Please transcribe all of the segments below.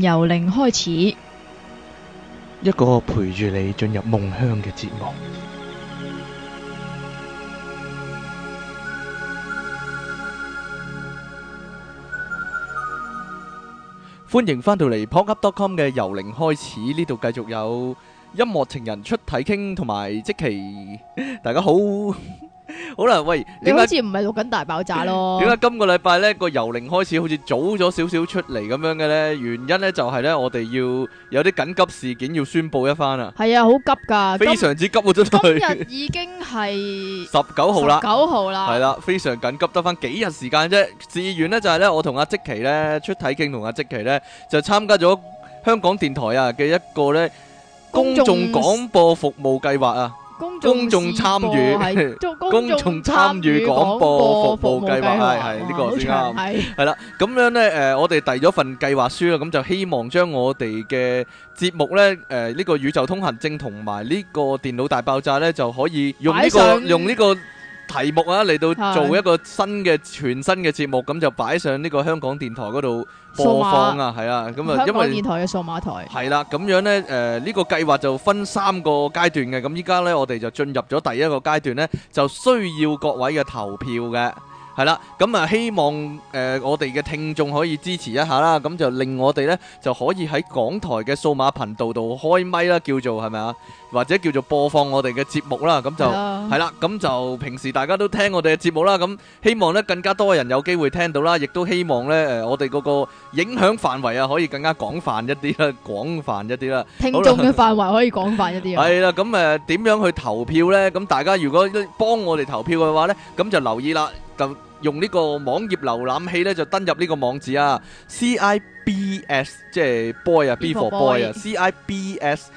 由零開始，一個陪住你進入夢鄉嘅節目。歡迎返到嚟 podcast.com 嘅由零開始，呢度繼續有音樂情人出體傾，同埋即期大家好。好啦，喂，你好似唔係錄緊大爆炸咯？點解今個禮拜咧個油令開始好似早咗少少出嚟咁樣嘅咧？原因咧就係咧，我哋要有啲緊急事件要宣布一番啊！係啊，好急噶，非常之急啊！真係，今日已經係十九號啦，九號啦，係啦，非常緊急，得翻幾日時間啫。事緣咧就係咧，我同阿積奇咧出體傾，同阿積奇咧就參加咗香港電台啊嘅一個咧公眾廣播服務計劃啊。公眾參與，公眾參與廣播服務計劃，係係呢個先啱，係啦長。咁 樣呢，誒、呃，我哋遞咗份計劃書啦，咁就希望將我哋嘅節目呢，誒、呃，呢、這個宇宙通行證同埋呢個電腦大爆炸呢，就可以用呢個用呢個。上題目啊，嚟到做一個新嘅全新嘅節目，咁就擺上呢個香港電台嗰度播放啊，係數碼，係啊，咁啊，因為電台嘅數碼台係啦，咁樣呢，誒，呃，呢個計劃就分三個階段嘅，咁依家呢，我哋就進入咗第一個階段呢，就需要各位嘅投票嘅。係啦，咁啊，希望誒，我哋嘅聽眾可以支持一下啦，咁就令我哋呢就可以喺港台嘅數碼頻道度開咪啦，叫做係咪啊？或者叫做播放我哋嘅節目啦，咁就係啦，咁就平時大家都聽我哋嘅節目啦，咁希望呢更加多人有機會聽到啦，亦都希望呢誒，我哋嗰個影響範圍啊可以更加廣泛一啲啦，廣泛一啲啦。聽眾嘅範圍可以廣泛一啲。係啦，咁誒，點樣去投票呢？咁大家如果幫我哋投票嘅話呢，咁就留意啦。就用呢個網頁瀏覽器咧，就登入呢個網址啊，CIBS 即係 boy 啊 b for boy 啊，CIBS.dot.rthk.dot.hk，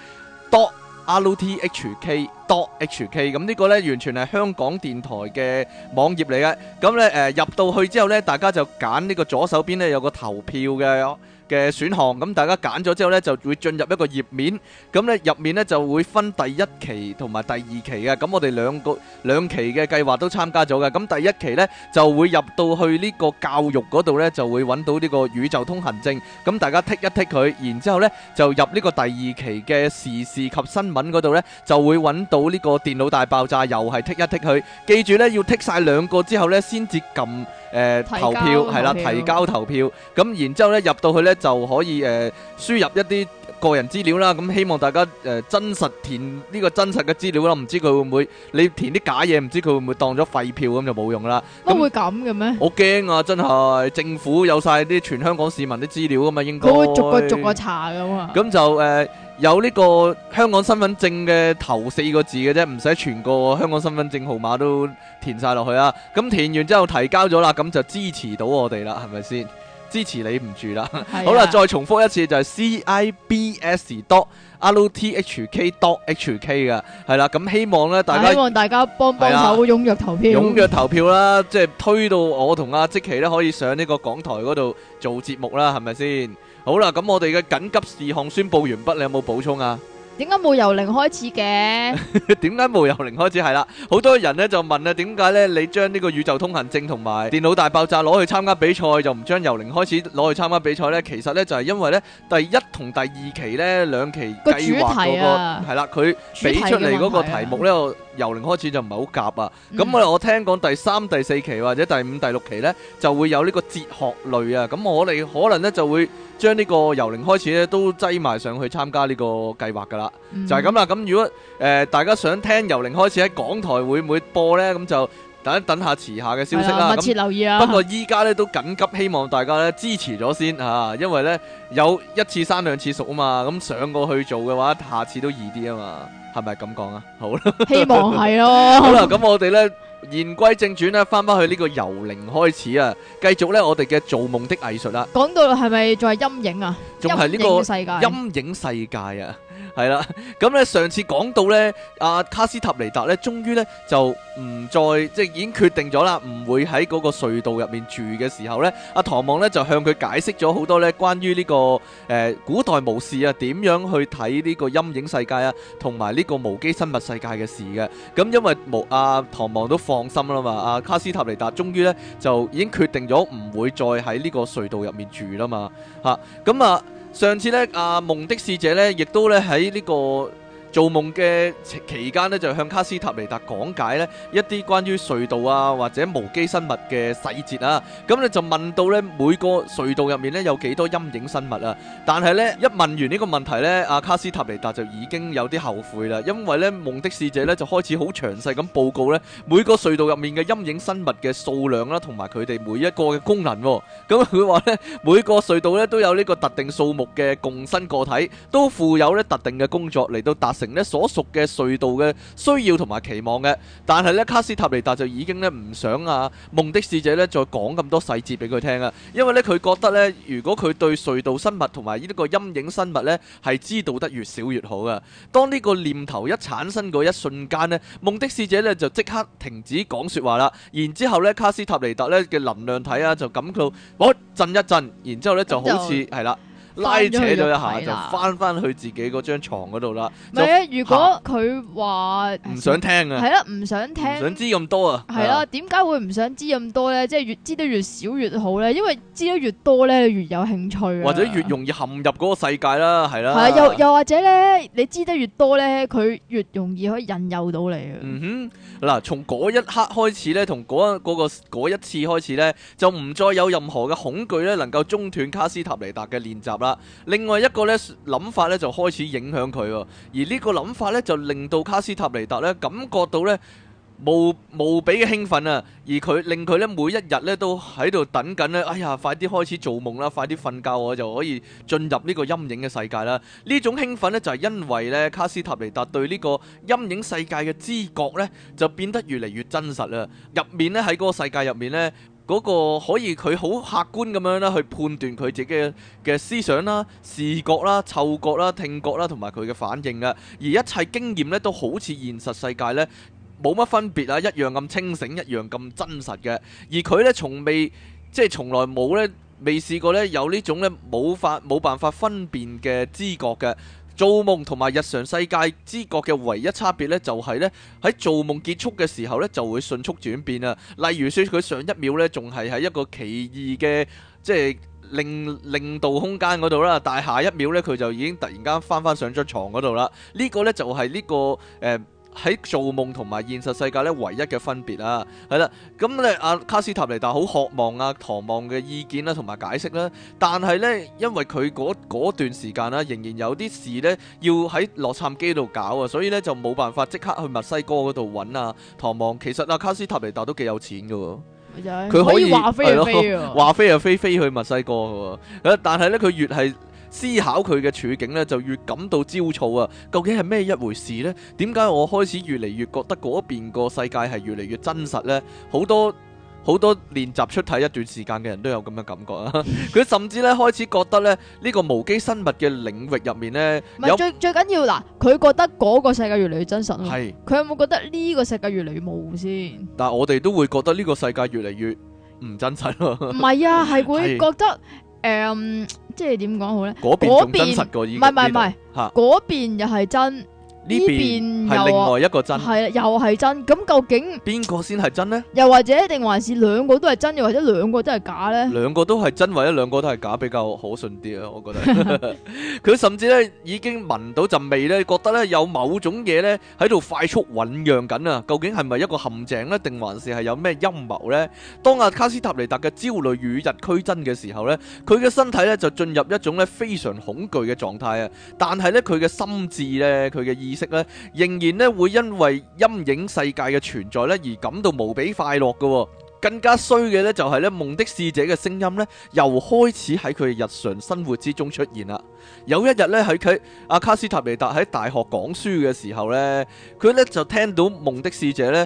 咁呢個咧完全係香港電台嘅網頁嚟嘅，咁咧誒入到去之後咧，大家就揀呢個左手邊咧有個投票嘅嘅選項，咁大家揀咗之後呢，就會進入一個頁面，咁呢入面呢，就會分第一期同埋第二期嘅，咁我哋兩個兩期嘅計劃都參加咗嘅，咁第一期呢，就會入到去呢個教育嗰度呢，就會揾到呢個宇宙通行證，咁大家剔一剔佢，然之後呢就入呢個第二期嘅時事及新聞嗰度呢，就會揾到呢個電腦大爆炸，又係剔一剔佢，記住呢，要剔晒兩個之後呢，先至撳。誒投票係啦，呃、提交投票咁，然之後咧入到去咧就可以誒輸、呃、入一啲。個人資料啦，咁希望大家誒、呃、真實填呢個真實嘅資料啦，唔知佢會唔會你填啲假嘢，唔知佢會唔會當咗廢票咁就冇用啦。什麼 都會咁嘅咩？我驚啊，真係政府有晒啲全香港市民啲資料㗎嘛，應該。會逐個逐個查㗎嘛。咁就誒、呃、有呢個香港身份證嘅頭四個字嘅啫，唔使全個香港身份證號碼都填晒落去啊。咁填完之後提交咗啦，咁就支持到我哋啦，係咪先？支持你唔住啦，啊、好啦，再重複一次就係、是、c i b s dot r t h k dot h k 噶，係啦、啊，咁希望咧大家、啊、希望大家幫幫手踴躍投票，踴躍投票啦， 即係推到我同阿積奇咧可以上呢個港台嗰度做節目啦，係咪先？好啦，咁我哋嘅緊急事項宣佈完畢，你有冇補充啊？點解冇由零開始嘅？點解冇由零開始？係啦，好多人咧就問咧，「點解咧你將呢個宇宙通行證同埋電腦大爆炸攞去參加比賽，就唔將由零開始攞去參加比賽呢？」其實呢，就係、是、因為呢，第一同第二期呢兩期計劃嗰個係啦，佢俾、啊、出嚟嗰個題目呢。由零開始就唔係好夾啊，咁、嗯、我聽講第三、第四期或者第五、第六期呢，就會有呢個哲學類啊，咁我哋可能呢，就會將呢個由零開始呢都擠埋上去參加呢個計劃噶、嗯、啦，就係咁啦。咁如果誒、呃、大家想聽由零開始喺港台會唔會播呢？咁就等一等下遲下嘅消息啦。哎啊、密切留意啦。不過依家呢，都緊急，希望大家呢支持咗先嚇、啊，因為呢，有一次生兩次熟啊嘛，咁上過去做嘅話，下次都易啲啊嘛。係咪咁講啊？好啦，希望係咯。 好啦，咁我哋咧。言歸正傳咧，返返去呢個幽靈開始啊，繼續咧我哋嘅造夢的藝術做夢的藝術啦。講到係咪仲係陰影啊？仲係呢個陰影世界啊？係啦，咁咧上次講到咧，阿卡斯塔尼達咧，終於咧就唔再即係已經決定咗啦，唔會喺嗰個隧道入面住嘅時候咧，阿唐望咧就向佢解釋咗好多咧關於呢個誒古代巫師啊點樣去睇呢個陰影世界啊，同埋呢個無機生物世界嘅事嘅。咁因為巫阿唐望都放放心啦嘛，阿、啊、卡斯塔尼達終於呢就已經決定咗唔會再喺呢個隧道入面住啦嘛，吓咁啊，啊上次呢，阿、啊、夢的使者呢亦都呢喺呢、這個。做夢嘅期間呢，就向卡斯塔尼達講解呢一啲關於隧道啊或者無機生物嘅細節啊。咁咧就問到呢每個隧道入面呢有幾多陰影生物啊？但係呢一問完呢個問題呢，阿卡斯塔尼達就已經有啲後悔啦，因為呢夢的使者呢就開始好詳細咁報告呢每個隧道入面嘅陰影生物嘅數量啦，同埋佢哋每一個嘅功能。咁佢話呢每個隧道呢都有呢個特定數目嘅共生個體，都附有呢特定嘅工作嚟到達。所屬嘅隧道嘅需要同埋期望嘅，但係咧卡斯塔尼達就已經咧唔想啊，夢的使者咧再講咁多細節俾佢聽啊，因為咧佢覺得咧，如果佢對隧道生物同埋呢個陰影生物咧係知道得越少越好啊。當呢個念頭一產生嗰一瞬間呢，夢的使者咧就即刻停止講說話啦，然之後咧卡斯塔尼達咧嘅能量體啊就感到哇震一震，然之後咧就好似係啦。拉扯咗一下就翻翻去自己嗰張床嗰度啦。唔係啊，就如果佢話唔想聽啊，係啦，唔想聽，唔想知咁多啊。係啦，點解會唔想知咁多咧？即係越知得越少越好咧，因為知得越多咧，越有興趣，或者越容易陷入嗰個世界啦，係啦。係啊，又又或者咧，你知得越多咧，佢越容易可以引誘到你啊。嗯哼，嗱，從嗰一刻開始咧，同嗰嗰個嗰一次開始咧，就唔再有任何嘅恐懼咧，能夠中斷卡斯塔尼達嘅練習。啦，另外一個咧諗法咧就開始影響佢喎，而呢個諗法咧就令到卡斯塔尼達咧感覺到咧無無比嘅興奮啊，而佢令佢咧每一日咧都喺度等緊咧，哎呀，快啲開始做夢啦，快啲瞓覺我就可以進入呢個陰影嘅世界啦。呢種興奮咧就係因為咧卡斯塔尼達對呢個陰影世界嘅知覺咧就變得越嚟越真實啦，入面咧喺嗰個世界入面咧。嗰個可以佢好客觀咁樣咧去判斷佢自己嘅嘅思想啦、視覺啦、嗅覺啦、聽覺啦同埋佢嘅反應嘅。而一切經驗咧都好似現實世界咧冇乜分別啊，一樣咁清醒，一樣咁真實嘅，而佢咧從未即係從來冇咧未試過咧有呢種咧冇法冇辦法分辨嘅知覺嘅。做夢同埋日常世界知覺嘅唯一差別呢，就係呢喺做夢結束嘅時候呢，就會迅速轉變喇。例如説，佢上一秒呢，仲係喺一個奇異嘅即係令令度空間嗰度啦，但係下一秒呢，佢就已經突然間翻翻上張床嗰度啦。呢個呢，就係呢個誒。喺做夢同埋現實世界咧，唯一嘅分別啊，係啦，咁咧阿卡斯塔尼達好渴望啊，唐望嘅意見啦、啊，同埋解釋啦、啊，但係咧，因為佢嗰段時間啦、啊，仍然有啲事咧要喺洛杉磯度搞啊，所以咧就冇辦法即刻去墨西哥嗰度揾啊唐望。其實阿、啊、卡斯塔尼達都幾有錢嘅喎，佢、哎、呀可以話飛，飛，、啊、飛就飛，話飛就飛飛去墨西哥嘅、啊、喎，但係咧佢越係。思考佢嘅處境咧，就越感到焦躁啊！究竟係咩一回事呢？點解我開始越嚟越覺得嗰邊個世界係越嚟越真實呢？好多好多練習出體一段時間嘅人都有咁嘅感覺啊！佢 甚至咧開始覺得咧，呢個無機生物嘅領域入面呢，最最緊要嗱，佢覺得嗰個世界越嚟越真實。係佢是有冇覺得呢個世界越嚟越模糊先？但係我哋都會覺得呢個世界越嚟越唔真實咯。唔係 啊，係會覺得誒。是嗯即係點講好咧？嗰邊仲真實過，唔係唔係唔係，嗰邊又係真。呢邊係另外一個真，係啦，又係真。咁究竟邊個先係真咧？又或者定還是兩個都係真，又或者兩個都係假咧？兩個都係真，或者兩個都係假，比較可信啲啊！我覺得佢甚至咧已經聞到陣味咧，覺得咧有某種嘢咧喺度快速醞釀緊啊！究竟係咪一個陷阱咧，定還是係有咩陰謀咧？當阿卡斯塔尼達嘅焦慮與日俱增嘅時候咧，佢嘅身體咧就進入一種咧非常恐懼嘅狀態啊！但係咧佢嘅心智咧，佢嘅意。意識咧，仍然咧會因為陰影世界嘅存在咧而感到無比快樂嘅。更加衰嘅咧就係咧夢的使者嘅聲音咧又開始喺佢日常生活之中出現啦。有一日咧喺佢阿卡斯塔尼達喺大學講書嘅時候咧，佢咧就聽到夢的使者咧。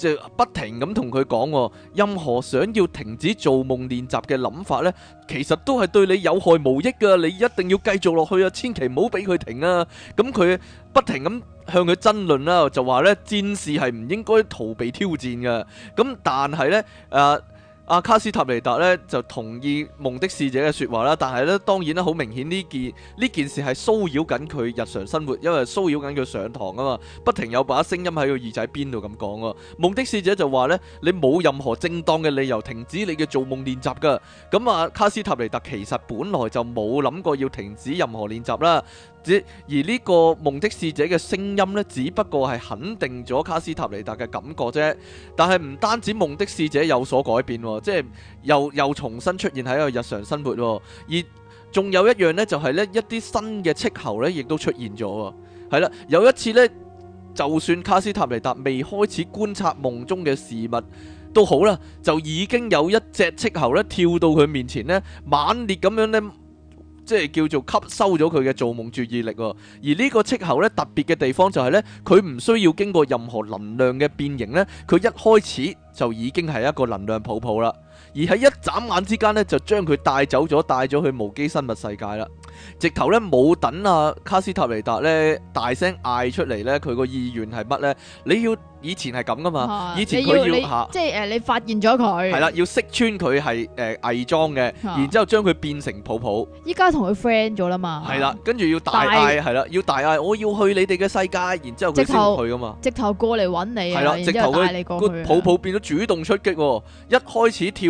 就不停咁同佢講，任何想要停止做夢練習嘅諗法咧，其實都係對你有害無益噶，你一定要繼續落去啊，千祈唔好俾佢停啊。咁佢不停咁向佢爭論啦，就話咧戰士係唔應該逃避挑戰噶。咁但係咧，誒。阿、啊、卡斯塔尼達咧就同意夢的使者嘅說話啦，但係咧當然咧好明顯呢件呢件事係騷擾緊佢日常生活，因為騷擾緊佢上堂啊嘛，不停有把聲音喺佢耳仔邊度咁講啊。夢的使者就話咧，你冇任何正當嘅理由停止你嘅做夢練習噶。咁、啊、阿卡斯塔尼達其實本來就冇諗過要停止任何練習啦。只而呢個夢的使者嘅聲音呢，只不過係肯定咗卡斯塔尼達嘅感覺啫。但係唔單止夢的使者有所改變，即係又又重新出現喺個日常生活。而仲有一樣呢，就係呢一啲新嘅戚猴呢，亦都出現咗。係啦，有一次呢，就算卡斯塔尼達未開始觀察夢中嘅事物都好啦，就已經有一隻戚猴呢跳到佢面前呢，猛烈咁樣呢。即係叫做吸收咗佢嘅造夢注意力，而呢個斥候咧特別嘅地方就係咧，佢唔需要經過任何能量嘅變形咧，佢一開始就已經係一個能量泡泡啦。而喺一眨眼之間咧，就將佢帶走咗，帶咗去無機生物世界啦。直頭咧冇等啊卡斯塔尼達咧大聲嗌出嚟咧，佢個意願係乜咧？你要以前係咁噶嘛？以前佢要吓，即係誒，你發現咗佢係啦，要識穿佢係誒偽裝嘅，然之後將佢變成泡泡。依家同佢 friend 咗啦嘛？係啦，跟住要大嗌係啦，要大嗌，我要去你哋嘅世界，然之後直接去噶嘛？直頭過嚟搵你係啦，直頭帶你過去。泡泡變咗主動出擊，一開始跳。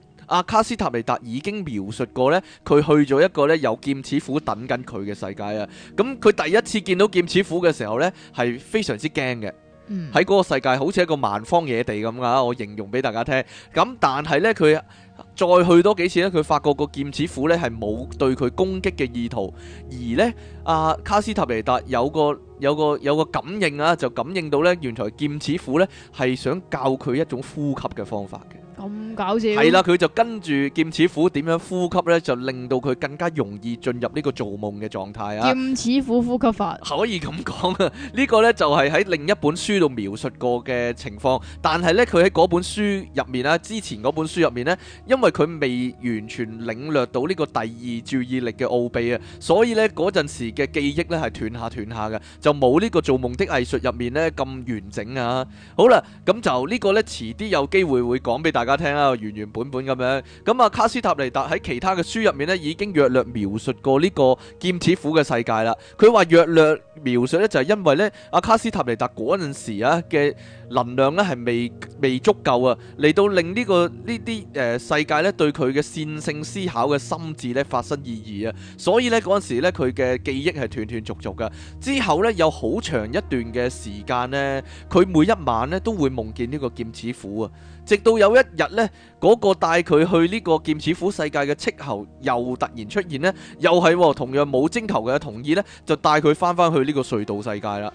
阿卡斯塔尼達已經描述過咧，佢去咗一個咧有劍齒虎等緊佢嘅世界啊！咁佢第一次見到劍齒虎嘅時候咧，係非常之驚嘅。喺嗰、嗯、個世界好似一個蠻荒野地咁啊！我形容俾大家聽。咁但係咧佢。再去多幾次咧，佢發覺個劍齒虎咧係冇對佢攻擊嘅意圖，而咧阿卡斯塔尼達有個有個有個感應啊，就感應到咧原來劍齒虎咧係想教佢一種呼吸嘅方法嘅。咁搞笑！係啦，佢就跟住劍齒虎點樣呼吸咧，就令到佢更加容易進入呢個做夢嘅狀態啊！劍齒虎呼吸法可以咁講啊，呢個咧就係喺另一本書度描述過嘅情況，但係咧佢喺嗰本書入面啊，之前嗰本書入面咧。因為佢未完全領略到呢個第二注意力嘅奧秘啊，所以呢嗰陣時嘅記憶呢係斷下斷下嘅，就冇呢個做夢的藝術入面呢咁完整啊！好啦，咁就呢個呢，遲啲有機會會講俾大家聽啊，原原本本咁樣。咁、嗯、啊，卡斯塔尼達喺其他嘅書入面呢，已經略略描述過呢個劍齒虎嘅世界啦。佢話略略描述呢，就係因為呢阿卡斯塔尼達嗰陣時啊嘅。能量咧係未未足夠啊，嚟到令呢個呢啲誒世界咧對佢嘅線性思考嘅心智咧發生異議啊，所以咧嗰陣時咧佢嘅記憶係斷斷續續㗎。之後咧有好長一段嘅時間咧，佢每一晚咧都會夢見呢個劍齒虎啊。直到有一日咧，嗰個帶佢去呢個劍齒虎世界嘅斥候又突然出現咧，又係同樣冇徵求佢嘅同意咧，就帶佢翻翻去呢個隧道世界啦。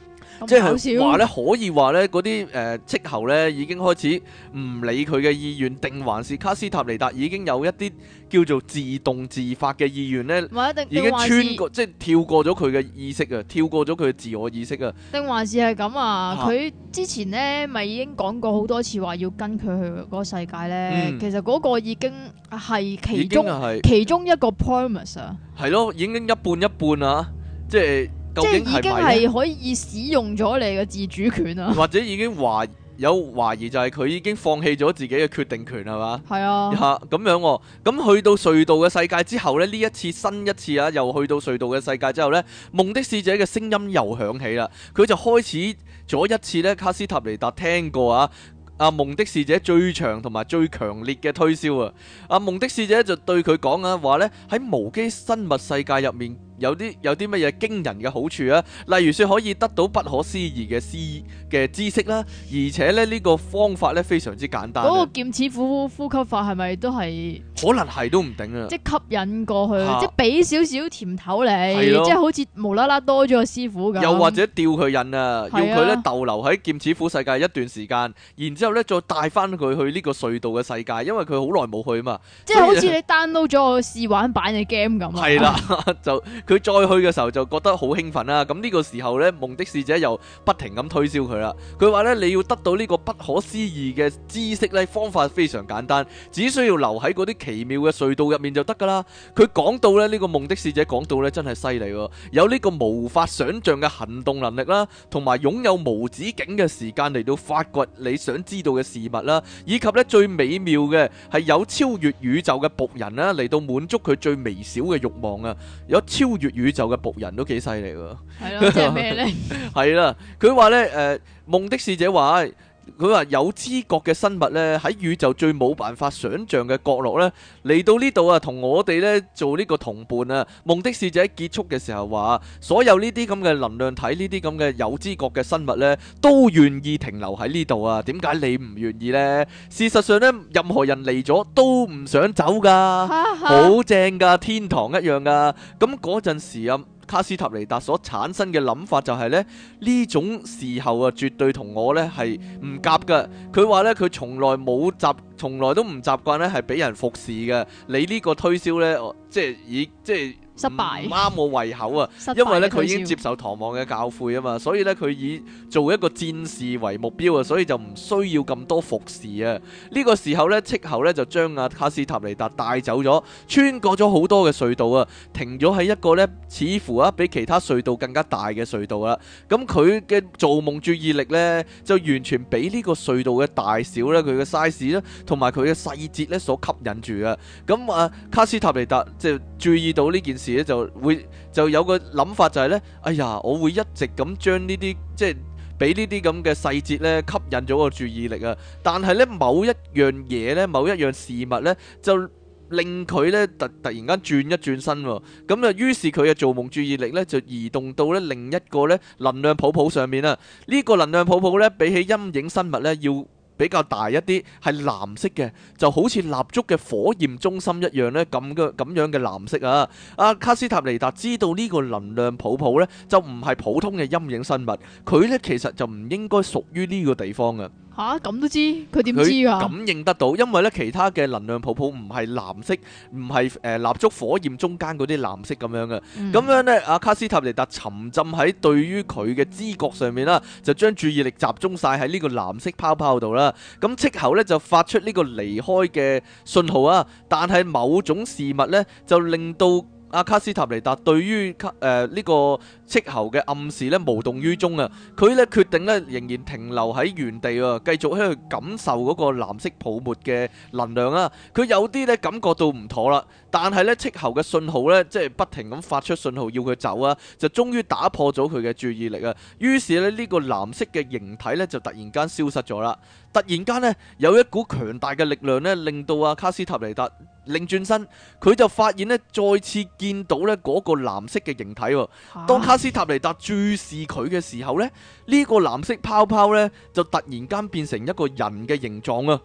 即係好似話咧，可以話咧，嗰啲誒斥候咧已經開始唔理佢嘅意願，定還是卡斯塔尼達已經有一啲叫做自動自發嘅意願咧？唔係一定已經穿過，即係跳過咗佢嘅意識啊，跳過咗佢嘅自我意識啊？定還是係咁啊？佢之前咧咪已經講過好多次話要跟佢去嗰個世界咧？嗯、其實嗰個已經係其中其中一個 promise 啊！係咯，已經一半一半啊，即係。即係已經係可以使用咗你嘅自主權啊，是是或者已經懷有懷疑，懷疑就係佢已經放棄咗自己嘅決定權係嘛？係 啊，吓咁樣，哦，咁去到隧道嘅世界之後呢，呢一次新一次啊，又去到隧道嘅世界之後呢，夢的使者嘅聲音又響起啦，佢就開始咗一次呢卡斯塔尼達聽過啊，阿夢的使者最長同埋最強烈嘅推銷啊，阿夢的使者就對佢講啊，話呢喺無機生物世界入面。有啲有啲乜嘢驚人嘅好處啊？例如說可以得到不可思議嘅知嘅知識啦，啊，而且咧呢、這個方法咧非常之簡單。嗰個劍齒虎呼，呼，呼吸法係咪都係？可能係都唔定啊！即係吸引過去，啊、即係俾少少甜頭你，是的 即係好似無啦啦多咗個師傅咁。又或者吊佢癮啊，要佢咧是的 逗留喺劍齒虎世界一段時間，然之後咧再帶翻佢去呢個隧道嘅世界，因為佢好耐冇去啊嘛。即係好似你 download 咗個試玩版嘅 game 咁。係啦 就。佢再去嘅時候就覺得好興奮啦。咁呢個時候呢，夢的使者又不停咁推銷佢啦。佢話呢，你要得到呢個不可思議嘅知識呢，方法非常簡單，只需要留喺嗰啲奇妙嘅隧道入面就得噶啦。佢講到呢，呢個夢的使者講到呢，真係犀利喎！有呢個無法想像嘅行動能力啦，同埋擁有無止境嘅時間嚟到發掘你想知道嘅事物啦，以及呢，最美妙嘅係有超越宇宙嘅僕人啦嚟到滿足佢最微小嘅慾望啊！有超粵宇宙嘅僕人都幾犀利噶，係咯，即係咩咧？係啦， 佢話咧，誒、呃，夢的使者話。佢話有知覺嘅生物咧，喺宇宙最冇辦法想像嘅角落咧，嚟到呢度啊，同我哋咧做呢個同伴啊。夢的使者結束嘅時候話：所有呢啲咁嘅能量體，呢啲咁嘅有知覺嘅生物咧，都願意停留喺呢度啊。點解你唔願意咧？事實上咧，任何人嚟咗都唔想走㗎，好正㗎，天堂一樣㗎。咁嗰陣時啊。卡斯塔尼達所產生嘅諗法就係咧，呢種時候啊，絕對同我咧係唔夾嘅。佢話咧，佢從來冇習，從來都唔習慣咧係俾人服侍嘅。你呢個推銷咧，即係以即係失敗，唔啱，冇胃口啊！ 因為咧佢已經接受唐望嘅教誨啊嘛，所以咧佢以做一個戰士為目標啊，所以就唔需要咁多服侍啊。呢、這個時候咧，斥候咧就將阿卡斯塔尼達帶走咗，穿過咗好多嘅隧道啊，停咗喺一個咧似乎啊比其他隧道更加大嘅隧道啦。咁佢嘅造夢注意力咧就完全俾呢個隧道嘅大小咧佢嘅 size 咧同埋佢嘅細節咧所吸引住啊。咁啊，卡斯塔尼達即係注意到呢件事。時咧就會就有個諗法就係咧，哎呀，我會一直咁將呢啲即係俾呢啲咁嘅細節咧吸引咗個注意力啊！但係咧某一樣嘢咧，某一樣事物咧，就令佢咧突突然間轉一轉身喎，咁啊，於是佢嘅做夢注意力咧就移動到咧另一個咧能量泡泡上面啊！呢個能量泡泡咧比起陰影生物咧要比較大一啲，係藍色嘅，就好似蠟燭嘅火焰中心一樣呢。咁嘅咁樣嘅藍色啊！阿卡斯塔尼達知道呢個能量泡泡呢，就唔係普通嘅陰影生物，佢呢，其實就唔應該屬於呢個地方嘅。吓，咁都知佢點知啊？佢感應得到，因為咧其他嘅能量泡泡唔係藍色，唔係誒蠟燭火焰中間嗰啲藍色咁樣嘅。咁樣呢，阿卡斯塔尼達沉浸喺對於佢嘅知覺上面啦，就將注意力集中晒喺呢個藍色泡泡度啦。咁斥候咧就發出呢個離開嘅信號啊，但係某種事物呢，就令到。阿、啊、卡斯塔尼達對於誒呢、呃這個斥候嘅暗示咧無動於衷啊！佢咧決定咧仍然停留喺原地喎、啊，繼續喺度感受嗰個藍色泡沫嘅能量啊！佢有啲咧感覺到唔妥啦。但係呢，斥候嘅信號呢，即係不停咁發出信號要佢走啊，就終於打破咗佢嘅注意力啊。於是呢，呢、這個藍色嘅形體呢，就突然間消失咗啦。突然間呢，有一股強大嘅力量呢，令到啊卡斯塔尼達擰轉身，佢就發現呢，再次見到呢嗰、那個藍色嘅形體、哦。啊、當卡斯塔尼達注視佢嘅時候呢，呢、這個藍色泡泡呢，就突然間變成一個人嘅形狀啊、哦，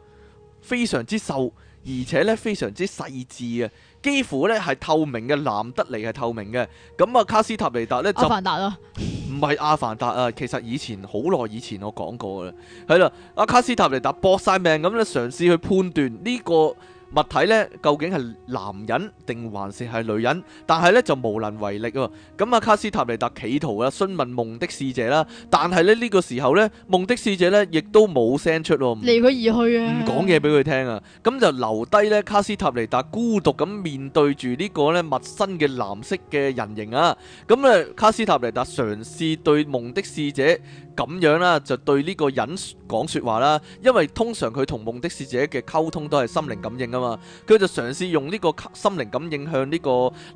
非常之瘦，而且呢，非常之細緻啊。幾乎咧係透明嘅，藍得嚟係透明嘅。咁啊，卡斯塔尼達咧就唔係阿凡達啊。其實以前好耐以前我講過嘅啦，係啦，阿卡斯塔尼達搏晒命咁咧嘗試去判斷呢個。物體咧究竟係男人定還是係女人？但係咧就無能為力啊！咁啊卡斯塔尼達企圖啊詢問夢的使者啦，但係咧呢個時候咧夢的使者咧亦都冇聲出，離佢而去啊，唔講嘢俾佢聽啊！咁就留低咧卡斯塔尼達孤獨咁面對住呢個咧陌生嘅藍色嘅人形啊！咁咧卡斯塔尼達嘗試對夢的使者。咁樣啦，就對呢個人講説話啦，因為通常佢同夢的使者嘅溝通都係心靈感應啊嘛，佢就嘗試用呢個心靈感應向呢個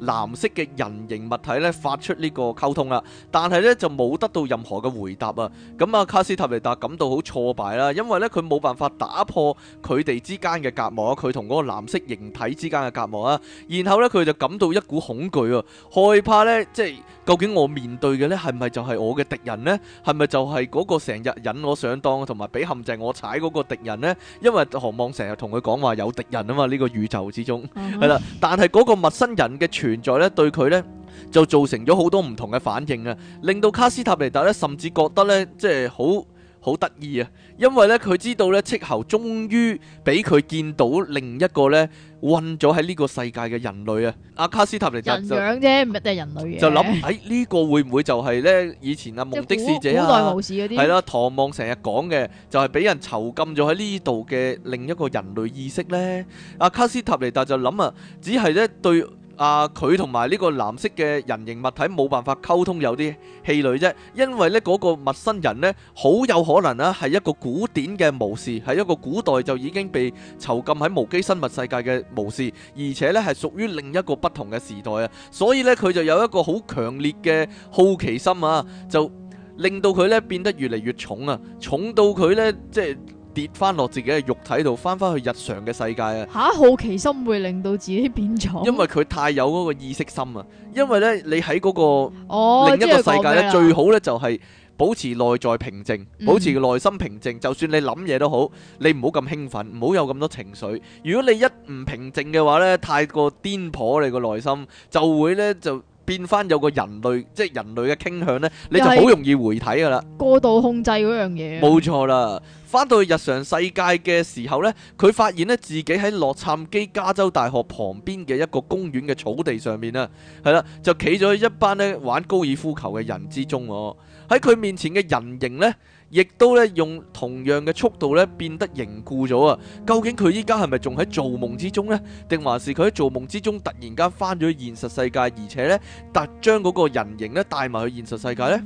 藍色嘅人形物體咧發出呢個溝通啦，但係咧就冇得到任何嘅回答啊，咁啊卡斯塔尼達感到好挫敗啦，因為咧佢冇辦法打破佢哋之間嘅隔膜，佢同嗰個藍色形體之間嘅隔膜啊，然後咧佢就感到一股恐懼啊，害怕咧，即係究竟我面對嘅咧係咪就係我嘅敵人呢？係咪就？係嗰個成日引我上當，同埋俾陷阱我踩嗰個敵人呢？因為何望成日同佢講話有敵人啊嘛？呢個宇宙之中係啦， 但係嗰個陌生人嘅存在呢，對佢呢，就造成咗好多唔同嘅反應啊，令到卡斯塔尼達呢，甚至覺得呢，即係好。好得意啊！因為咧，佢知道咧，赤喉終於俾佢見到另一個咧，困咗喺呢個世界嘅人類啊！阿卡斯塔尼達就，人樣啫，唔一定係人類嘅。就諗，哎、欸、呢、呢個會唔會就係咧以前啊夢的使者啊？古代巫士嗰啲係啦，唐望成日講嘅就係俾人囚禁咗喺呢度嘅另一個人類意識咧。阿卡斯塔尼達就諗啊，只係咧對。啊！佢同埋呢個藍色嘅人形物體冇辦法溝通，有啲氣餒啫。因為咧，嗰個陌生人咧，好有可能啦，係一個古典嘅巫師，係一個古代就已經被囚禁喺無機生物世界嘅巫師，而且咧係屬於另一個不同嘅時代啊。所以咧，佢就有一個好強烈嘅好奇心啊，就令到佢咧變得越嚟越重啊，重到佢咧即係。跌翻落自己嘅肉體度，翻返去日常嘅世界啊！嚇，好奇心會令到自己變咗。因為佢太有嗰個意識心啊！因為咧，你喺嗰個另一個世界咧，最好咧就係保持內在平靜，保持內心平靜。就算你諗嘢都好，你唔好咁興奮，唔好有咁多情緒。如果你一唔平靜嘅話咧，太過顛簸你個內心，就會咧就。變翻有個人類，即係人類嘅傾向呢，你就好容易回體噶啦。過度控制嗰樣嘢。冇錯啦，翻到去日常世界嘅時候呢，佢發現呢，自己喺洛杉磯加州大學旁邊嘅一個公園嘅草地上面啊，係啦，就企咗一班呢玩高爾夫球嘅人之中喎，喺佢面前嘅人形呢，亦都咧用同樣嘅速度咧變得凝固咗啊！究竟佢依家係咪仲喺做夢之中呢？定還是佢喺做夢之中突然間返咗現實世界，而且咧特將嗰個人形咧帶埋去現實世界呢？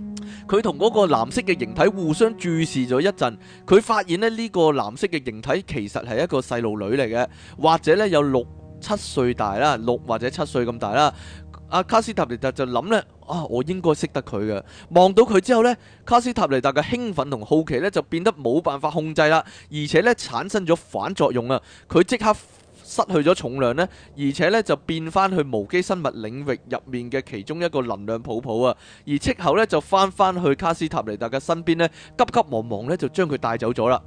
佢同嗰個藍色嘅形體互相注視咗一陣，佢發現咧呢個藍色嘅形體其實係一個細路女嚟嘅，或者咧有六七歲大啦，六或者七歲咁大啦。阿卡斯塔尼特就諗呢，啊，我應該識得佢嘅。望到佢之後呢，卡斯塔尼特嘅興奮同好奇呢，就變得冇辦法控制啦，而且呢，產生咗反作用啊。佢即刻失去咗重量呢，而且呢，就變翻去無機生物領域入面嘅其中一個能量泡泡啊。而之後呢，就翻翻去卡斯塔尼特嘅身邊呢，急急忙忙呢，就將佢帶走咗啦。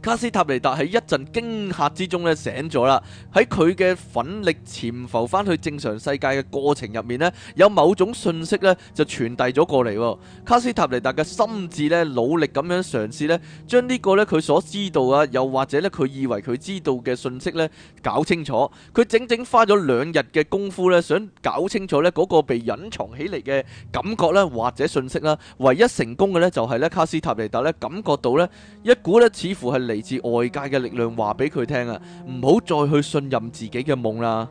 卡斯塔尼達喺一陣驚嚇之中咧醒咗啦，喺佢嘅奮力潛浮翻去正常世界嘅過程入面咧，有某種信息咧就傳遞咗過嚟。卡斯塔尼達嘅心智咧努力咁樣嘗試咧，將呢個咧佢所知道啊，又或者咧佢以為佢知道嘅信息咧搞清楚。佢整整花咗兩日嘅功夫咧，想搞清楚咧嗰個被隱藏起嚟嘅感覺咧或者信息啦。唯一成功嘅咧就係咧卡斯塔尼達咧感覺到咧一股咧似乎係嚟自外界嘅力量，話俾佢聽啊，唔好再去信任自己嘅夢啦，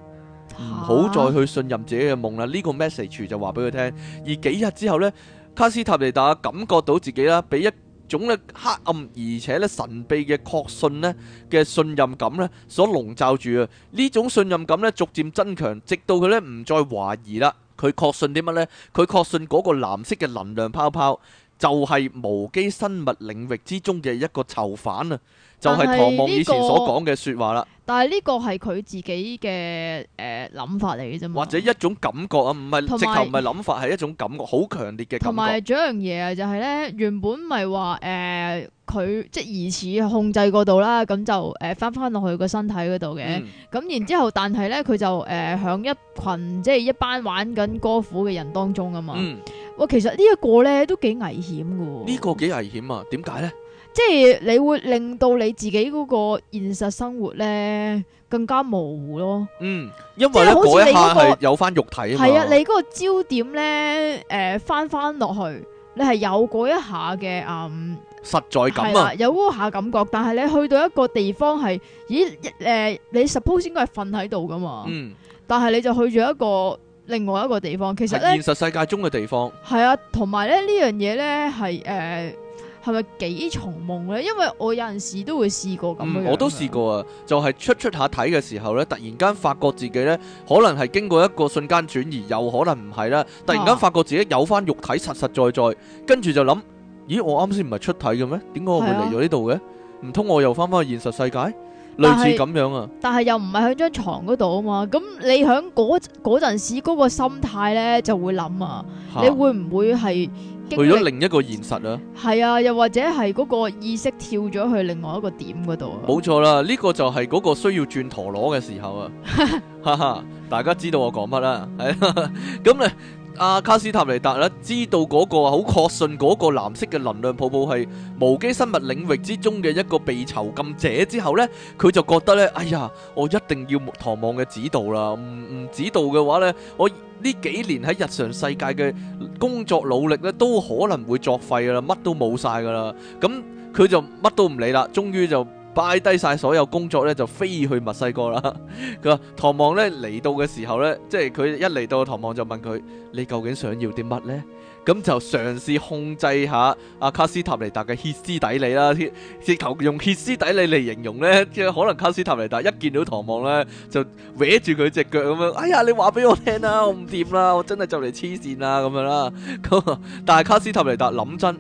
唔好再去信任自己嘅夢啦。呢個 message 就話俾佢聽。而幾日之後咧，卡斯塔尼達感覺到自己啦，俾一種咧黑暗而且咧神秘嘅確信咧嘅信任感咧所籠罩住啊。呢種信任感咧逐漸增強，直到佢咧唔再懷疑啦。佢確信啲乜咧？佢確信嗰個藍色嘅能量泡泡，就係無機生物領域之中嘅一個囚犯啊！這個、就係唐望以前所講嘅説話啦。但係呢個係佢自己嘅誒諗法嚟嘅啫嘛。或者一種感覺啊，唔係有直頭唔係諗法，係一種感覺，好強烈嘅感覺。同埋仲有一樣嘢啊，就係咧原本咪話誒佢即係疑似控制嗰度啦，咁就誒翻翻落去個身體嗰度嘅。咁、嗯、然之後，然後但呢，但係咧佢就誒響、呃、一群，即、就、係、是、一班玩緊歌斧嘅人當中啊嘛。嗯我其實呢一個咧都幾危險嘅，呢個幾危險啊？點解咧？即係你會令到你自己嗰個現實生活咧更加模糊咯。嗯，因為好似你、嗰個、嗰一下係有翻肉體。係啊，你嗰個焦點咧，誒、呃，翻翻落去，你係有嗰一下嘅，嗯，實在感啊，有嗰下感覺。但係你去到一個地方係，咦，誒、呃，你 suppose 應該係瞓喺度噶嘛？嗯，但係你就去咗一個。另外一個地方，其實咧，現實世界中嘅地方係啊，同埋咧呢樣嘢呢，係誒，係咪、呃、幾重夢呢？因為我有陣時都會試過咁、嗯，我都試過啊，嗯、就係出出下體嘅時候呢，突然間發覺自己呢，可能係經過一個瞬間轉移，又可能唔係啦。突然間發覺自己有翻肉體實實在在，跟住、啊、就諗：咦，我啱先唔係出體嘅咩？點解我會嚟咗呢度嘅？唔通是、啊、我又翻翻去現實世界？類似咁樣啊，但係又唔係喺張床嗰度啊嘛，咁你喺嗰嗰陣時嗰個心態咧就會諗啊，啊你會唔會係經歷咗另一個現實啊？係啊，又或者係嗰個意識跳咗去另外一個點嗰度啊？冇錯啦，呢、呢個就係嗰個需要轉陀螺嘅時候啊！哈哈，大家知道我講乜啦？係、 嗯，咁咧。阿、啊、卡斯塔尼達咧，知道嗰、那個好確信嗰個藍色嘅能量泡泡係無機生物領域之中嘅一個被囚禁者之後呢，佢就覺得呢，哎呀，我一定要唐望嘅指導啦，唔唔指導嘅話呢，我呢幾年喺日常世界嘅工作努力咧，都可能會作廢噶啦，乜都冇晒噶啦，咁佢就乜都唔理啦，終於就。擺低晒所有工作咧，就飛去墨西哥啦。佢話唐望咧嚟到嘅時候咧，即係佢一嚟到，唐望就問佢：你究竟想要啲乜咧？咁就嘗試控制下阿卡斯塔尼達嘅歇斯底里啦，直直頭用歇斯底里嚟形容咧，即係可能卡斯塔尼達一見到唐望咧，就歪住佢隻腳咁樣。哎呀，你話俾我聽啦，我唔掂啦，我真係就嚟黐線啦咁樣啦。 咁但係卡斯塔尼達諗真，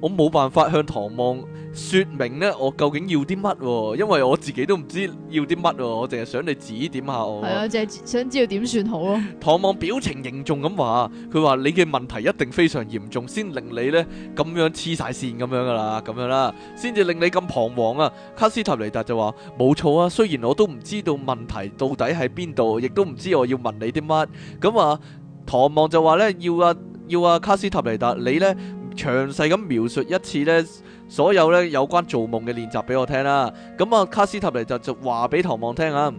我冇辦法向唐望。說明咧，我究竟要啲乜？因為我自己都唔知要啲乜，我淨係想你指點下我。係啊，淨係想知道點算好咯。唐望表情凝重咁話，佢話你嘅問題一定非常嚴重，先令你咧咁樣黐晒線咁樣噶啦，咁樣啦，先至令你咁彷徨啊。卡斯塔尼達就話冇錯啊，雖然我都唔知道問題到底喺邊度，亦都唔知我要問你啲乜。咁啊，唐望就話咧要啊，要啊，要啊，卡斯塔尼達你咧詳細咁描述一次咧。所有咧有關做夢嘅練習俾我聽啦，咁啊卡斯塔尼就就話俾唐望聽啊，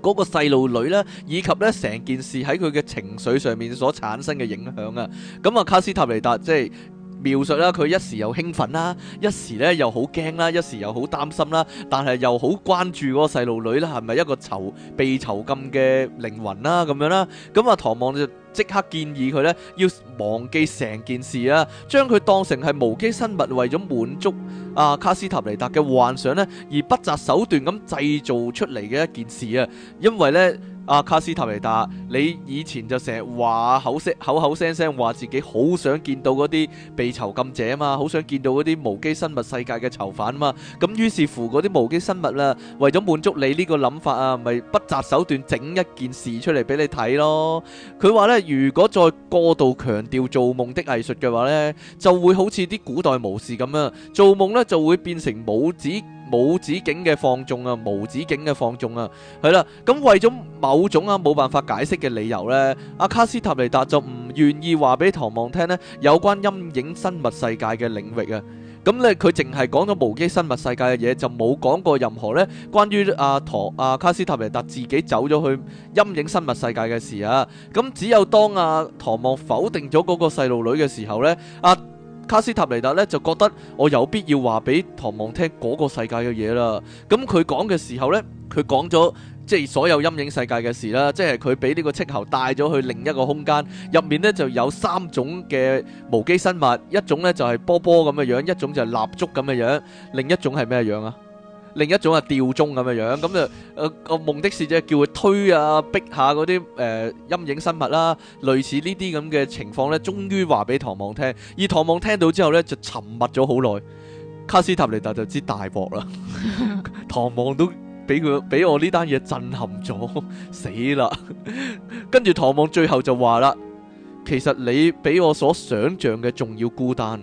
嗰個細路女呢，以及呢成件事喺佢嘅情緒上面所產生嘅影響啊，咁啊卡斯塔尼達即係描述啦，佢一時又興奮啦，一時呢又好驚啦，一時又好擔心啦，但係又好關注嗰個細路女啦，係咪一個囚被囚禁嘅靈魂啦咁樣啦，咁啊唐望就即刻建議佢咧要忘記成件事啊，將佢當成係無機生物為咗滿足阿卡斯塔尼達嘅幻想咧，而不擇手段咁製造出嚟嘅一件事啊！因為咧，阿卡斯塔尼達，你以前就成日話口聲口口聲聲話自己好想見到嗰啲被囚禁者啊嘛，好想見到嗰啲無機生物世界嘅囚犯啊嘛，咁於是乎嗰啲無機生物啦，為咗滿足你呢個諗法啊，咪不擇手段整一件事出嚟俾你睇咯。佢話咧。如果再過度強調做夢的藝術嘅話咧，就會好似啲古代巫師咁樣，做夢咧就會變成無止無止境嘅放縱啊，無止境嘅放縱啊，係啦，咁為咗某種啊冇辦法解釋嘅理由咧，阿卡斯塔尼達就唔願意話俾唐望聽咧有關陰影生物世界嘅領域啊。咁咧，佢淨係講咗無機生物世界嘅嘢，就冇講過任何咧關於阿唐阿卡斯塔尼達自己走咗去陰影生物世界嘅事啊！咁只有當阿唐望否定咗嗰個細路女嘅時候咧，阿、啊、卡斯塔尼達咧就覺得我有必要話俾唐望聽嗰個世界嘅嘢啦。咁佢講嘅時候咧，佢講咗。即係所有陰影世界嘅事啦，即係佢俾呢個斥候帶咗去另一個空間入面咧，就有三種嘅無機生物，一種咧就係波波咁嘅樣，一種就係蠟燭咁嘅樣，另一種係咩樣啊？另一種係吊鐘咁嘅樣，咁就誒誒夢的使者叫佢推啊逼下嗰啲誒陰影生物啦，類似呢啲咁嘅情況咧，終於話俾唐望聽，而唐望聽到之後咧就沉默咗好耐，卡斯塔尼達就知大鑊啦，唐望都。俾佢俾我呢單嘢震撼咗， 死啦！跟住唐望最後就話啦，其實你比我所想象嘅仲要孤單啊，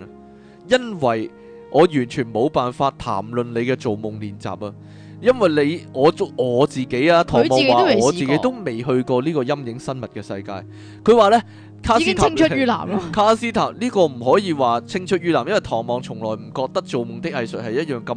因為我完全冇辦法談論你嘅做夢練習啊，因為你我做我自己啊。唐望話我自己都未去過呢個陰影生物嘅世界。佢話呢：「卡斯塔林，已經青出於藍。」卡斯塔，呢個唔可以話青出於藍，因為唐望從來唔覺得做夢的藝術係一樣咁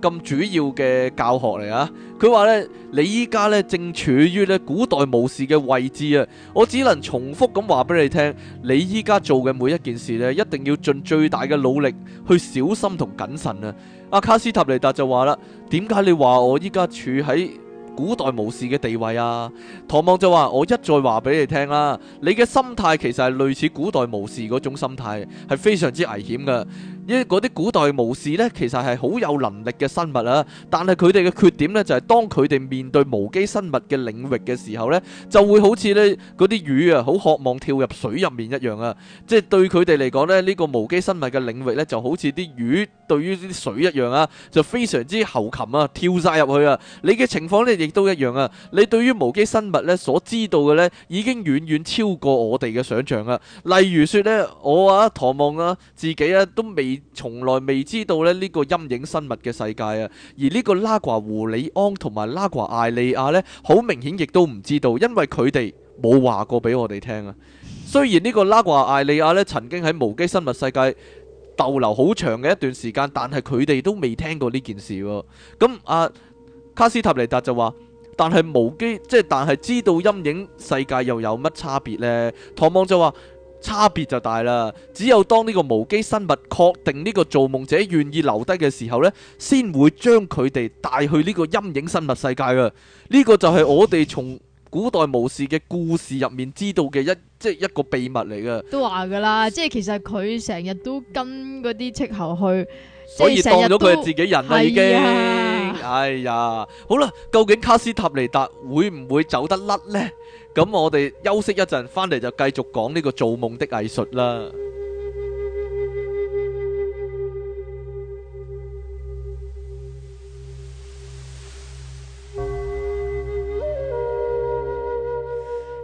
咁主要嘅教學嚟啊！佢話呢，你依家呢，正處於呢古代武士嘅位置啊！我只能重複咁話俾你聽，你依家做嘅每一件事呢，一定要盡最大嘅努力去小心同謹慎啊！阿卡斯塔尼達就話啦：點解你話我依家處喺古代武士嘅地位啊？唐望就話：我一再話俾你聽啦，你嘅心態其實係類似古代武士嗰種心態，係非常之危險嘅。因為嗰啲古代巫士咧，其實係好有能力嘅生物啊，但係佢哋嘅缺點咧就係當佢哋面對無機生物嘅領域嘅時候咧，就會好似咧嗰啲魚啊，好渴望跳入水入面一樣啊！即係對佢哋嚟講咧，呢個無機生物嘅領域咧就好似啲魚對於啲水一樣啊，就非常之猴擒啊，跳晒入去啊！你嘅情況咧亦都一樣啊！你對於無機生物咧所知道嘅咧已經遠遠超過我哋嘅想象啊！例如說咧，我啊，唐望啊，自己啊都未。從來未知道呢，呢個陰影生物嘅世界啊，而呢個拉瓜胡里安同埋拉瓜艾利亞呢，好明顯亦都唔知道，因為佢哋冇話過俾我哋聽啊。雖然呢個拉瓜艾利亞呢曾經喺無機生物世界逗留好長嘅一段時間，但係佢哋都未聽過呢件事喎、啊。咁、嗯、阿、啊、卡斯塔尼達就話：但係無機即係但係知道陰影世界又有乜差別呢？」「唐望就話。差別就大啦，只有當呢個無機生物確定呢個造夢者願意留低嘅時候呢，先會將佢哋帶去呢個陰影生物世界啊，呢、這個就係我哋從古代巫師嘅故事入面知道嘅一即係、就是、一個秘密嚟噶。都話噶啦，即係其實佢成日都跟嗰啲斥候去，所以當咗佢係自己人啦，已經。啊、哎呀，好啦，究竟卡斯塔尼達會唔會走得甩呢？咁我哋休息一陣，翻嚟就繼續講呢個做夢的藝術啦。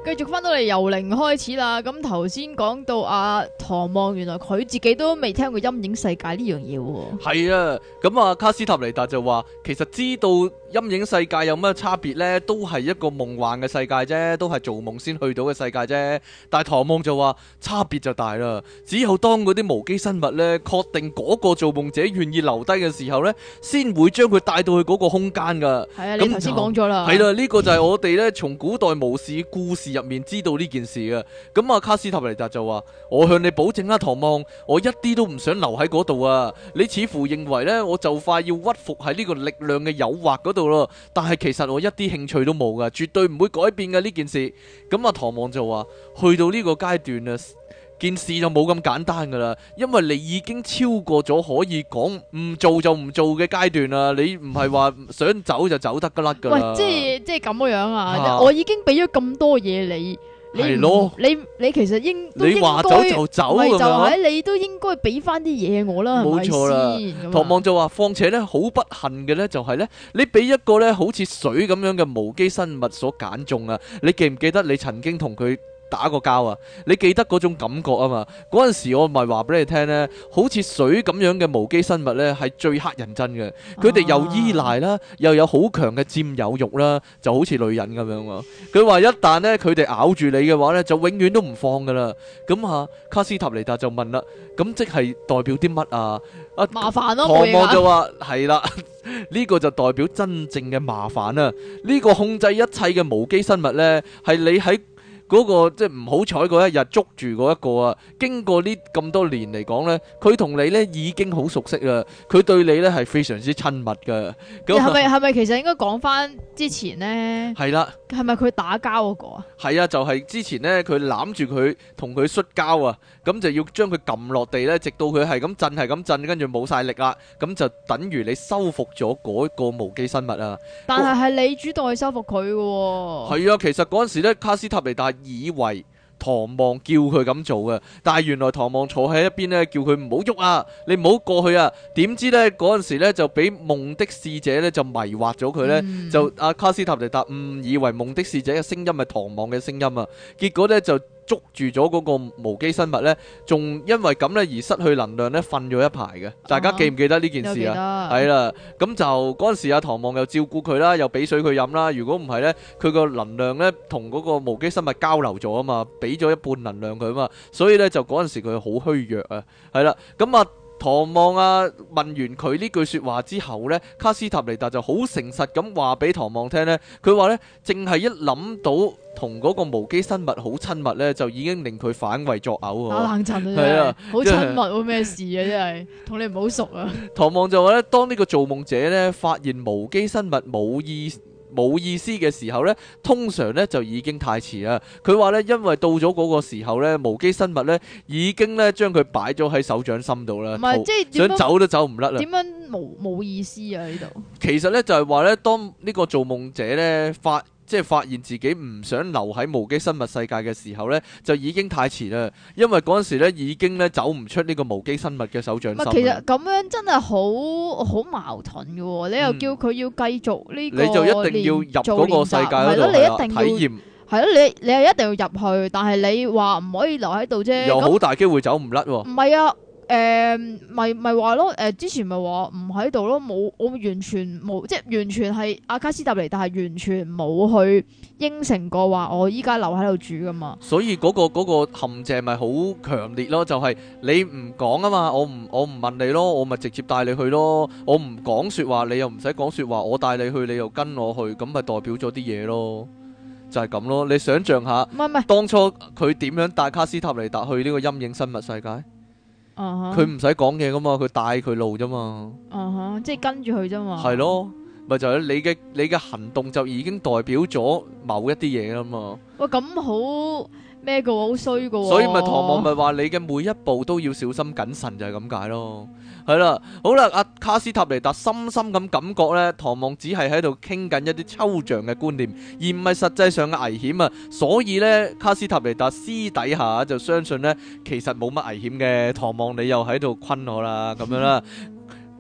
繼續翻到嚟由零開始啦。咁頭先講到阿、啊、唐望，原來佢自己都未聽過陰影世界呢樣嘢喎。係啊，咁啊，啊卡斯塔尼達就話其實知道。陰影世界有乜差別咧？都係一個夢幻嘅世界啫，都係做夢先去到嘅世界啫。但係唐望就話差別就大啦。只有當嗰啲無機生物咧，確定嗰個做夢者願意留低嘅時候咧，先會將佢帶到去嗰個空間噶。係啊，你頭先講咗啦。係啦，呢個就係我哋咧從古代巫士故事入面知道呢件事嘅。咁啊，卡斯塔尼達就話：我向你保證啊，唐望，我一啲都唔想留喺嗰度啊！你似乎認為咧，我就快要屈服喺呢個力量嘅誘惑嗰度。咯，但係其實我一啲興趣都冇噶，絕對唔會改變噶呢件事。咁啊，唐望就話，去到呢個階段呀，件事就冇咁簡單噶啦，因為你已經超過咗可以講唔做就唔做嘅階段啦，你唔係話想走就走得噶啦噶。喂，即係即係咁樣啊！我已經俾咗咁多嘢你。係咯，你你其實應，應你話走就走咁樣，就你都應該俾翻啲嘢我啦，冇錯啦，唐望就話，況且咧好不幸嘅咧就係咧，你俾一個咧好似水咁樣嘅無機生物所揀中啊！你記唔記得你曾經同佢打個交啊！你記得嗰種感覺啊嘛？嗰陣時我咪話俾你聽呢，好似水咁樣嘅無機生物呢係最乞人憎嘅。佢哋又依賴啦，又有好強嘅佔有欲啦，就好似女人咁樣啊。佢話一旦呢，佢哋咬住你嘅話呢，就永遠都唔放噶啦。咁啊，卡斯塔尼達就問啦，咁即係代表啲乜啊？啊，麻煩咯、啊，唐望就話係啦，呢 是的 個就代表真正嘅麻煩啦。呢、這個控制一切嘅無機生物呢，係你喺。嗰個即係唔好彩嗰一日捉住嗰一個啊！經過呢咁多年嚟講呢，佢同你呢已經好熟悉啦，佢對你呢係非常之親密噶。咁係咪係咪其實應該講返之前呢？係啦，係咪佢打交嗰個啊？係啊，就係之前呢，佢攬住佢同佢摔跤啊，咁就要將佢撳落地呢，直到佢係咁震係咁震，跟住冇曬力啦，咁就等於你收復咗嗰一個無機生物啊！但係係你主動去收復佢嘅喎。係啊，其實嗰陣時呢，卡斯塔尼達。以為唐望叫佢咁做嘅，但係原來唐望坐喺一邊咧，叫佢唔好喐啊，你唔好過去啊。點知咧嗰陣時咧就俾夢的使者咧就迷惑咗佢咧，就阿卡斯塔尼達誤以為夢的使者嘅聲音係唐望嘅聲音啊，結果咧就。捉住咗嗰個無機生物呢，仲因為咁呢而失去能量呢，瞓咗一排嘅。大家記唔記得呢件事啊？係啦，咁就嗰陣時阿唐望又照顧佢啦，又俾水佢飲啦。如果唔係呢，佢個能量呢，同嗰個無機生物交流咗啊嘛，俾咗一半能量佢啊嘛，所以呢，就嗰陣時佢好虛弱啊。係啦，咁啊。唐望啊，問完佢呢句説話之後呢，卡斯塔尼達就好誠實咁話俾唐望聽呢，佢話呢，淨係一諗到同嗰個無機生物好親密呢，就已經令佢反胃作嘔。阿冷靜啊，好、 啊、 親密喎，咩 事啊？真係同你唔好熟啊。 唐望就話呢，當呢個造夢者呢，發現無機生物冇意。冇意思嘅時候呢，通常呢就已經太遲啦。佢話呢，因為到咗嗰個時候呢，無機生物呢已經呢將佢擺咗喺手掌心度啦，唔係，即係想走都走唔甩啦。點樣冇冇意思啊？呢度其實呢，就係話呢，當呢個做夢者呢發。即係發現自己唔想留喺無機生物世界嘅時候呢，就已經太遲啦。因為嗰陣時呢已經呢走唔出呢個無機生物嘅手掌心。其實咁樣真係好好矛盾嘅喎、哦。你又叫佢要繼續呢個，你就一定要入嗰個世界練習，係咯？你一定要入去，但係你話唔可以留喺度啫。又好大機會那走唔甩喎。唔係啊。誒，咪咪話咯，誒，之前咪話唔喺度咯，冇，我完全冇，即係完全係阿卡斯塔尼達，但係完全冇去應承過話我依家留喺度住噶嘛。所以嗰個嗰個陷阱咪好強烈咯，就係你唔講啊嘛，我唔我唔問你咯，我咪直接帶你去咯，我唔講說話，你又唔使講說話，我帶你去，你又跟我去，咁咪代表咗啲嘢咯，就係咁咯。你想象下，唔係唔係，當初佢點樣帶卡斯塔尼達去呢個陰影生物世界？佢唔使講嘢㗎嘛，佢帶佢路啫嘛，哦、uh，huh，即係跟住佢啫嘛，係咯，咪就係、是、你嘅你嘅行動就已經代表咗某一啲嘢啦嘛。喂，咁好。咩？好衰，所以咪唐望咪話你嘅每一步都要小心謹慎，就係咁解咯，係啦，好啦，阿、啊、卡斯塔尼達深深咁感覺咧，唐望只係喺度傾緊一啲抽象嘅觀念，而唔係實際上嘅危險啊！所以咧，卡斯塔尼達私底下就相信咧，其實冇乜危險嘅，唐望你又喺度困我啦，咁、嗯、樣啦。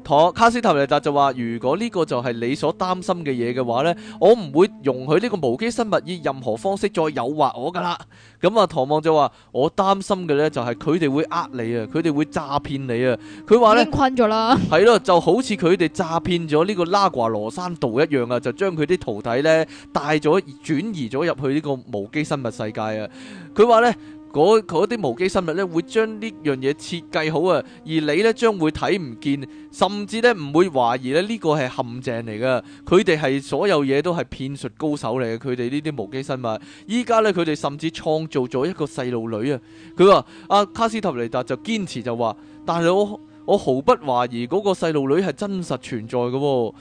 托卡斯塔尼達就話：如果呢個就係你所擔心嘅嘢嘅話呢，我唔會容許呢個無機生物以任何方式再誘惑我噶啦。咁啊，唐望就話：我擔心嘅呢就係佢哋會呃你啊，佢哋會詐騙你啊。佢話呢，已經困咗啦。係咯，就好似佢哋詐騙咗呢個拉瓜羅山道一樣啊，就將佢啲徒弟呢帶咗轉移咗入去呢個無機生物世界啊。佢話呢。嗰嗰啲無機生物咧，會將呢樣嘢設計好啊，而你咧將會睇唔見，甚至咧唔會懷疑咧呢個係陷阱嚟嘅。佢哋係所有嘢都係騙術高手嚟嘅。佢哋呢啲無機生物，依家咧佢哋甚至創造咗一個細路女啊！佢話：阿卡斯塔尼達就堅持就話，但係我我毫不懷疑嗰個細路女係真實存在嘅。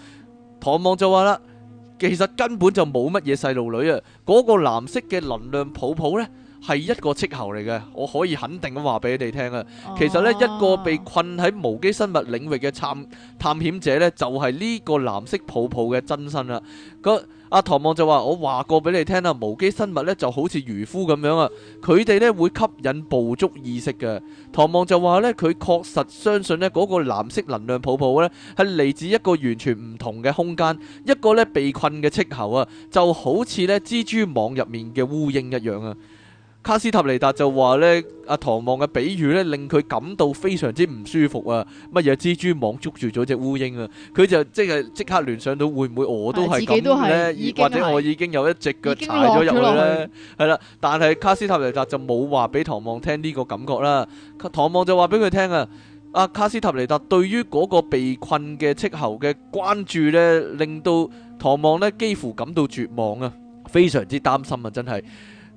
唐望就話啦：其實根本就冇乜嘢細路女啊！嗰個藍色嘅能量泡泡咧係一個斥候嚟嘅，我可以肯定咁話俾你哋聽啊。其實呢，一個被困喺無機生物領域嘅探探險者呢，就係呢個藍色泡泡嘅真身啦。阿、啊、唐望就話：我話過俾你聽啊，無機生物呢就好似漁夫咁樣啊，佢哋呢會吸引捕捉意識嘅。唐望就話呢，佢確實相信呢嗰個藍色能量泡泡呢係嚟自一個完全唔同嘅空間，一個呢被困嘅斥候啊，就好似呢蜘蛛網入面嘅烏蠅一樣啊。卡斯塔尼達就話咧，阿唐望嘅比喻咧，令佢感到非常之唔舒服啊！乜嘢蜘蛛網捉住咗隻烏蠅啊？佢就即係即刻聯想到，會唔會我都係咁咧？啊、或者我已經有一隻腳踩咗入去咧？係啦，但係卡斯塔尼達就冇話俾唐望聽呢個感覺啦。唐望就話俾佢聽啊，阿、啊、卡斯塔尼達對於嗰個被困嘅赤猴嘅關注咧，令到唐望咧幾乎感到絕望啊！非常之擔心啊，真係。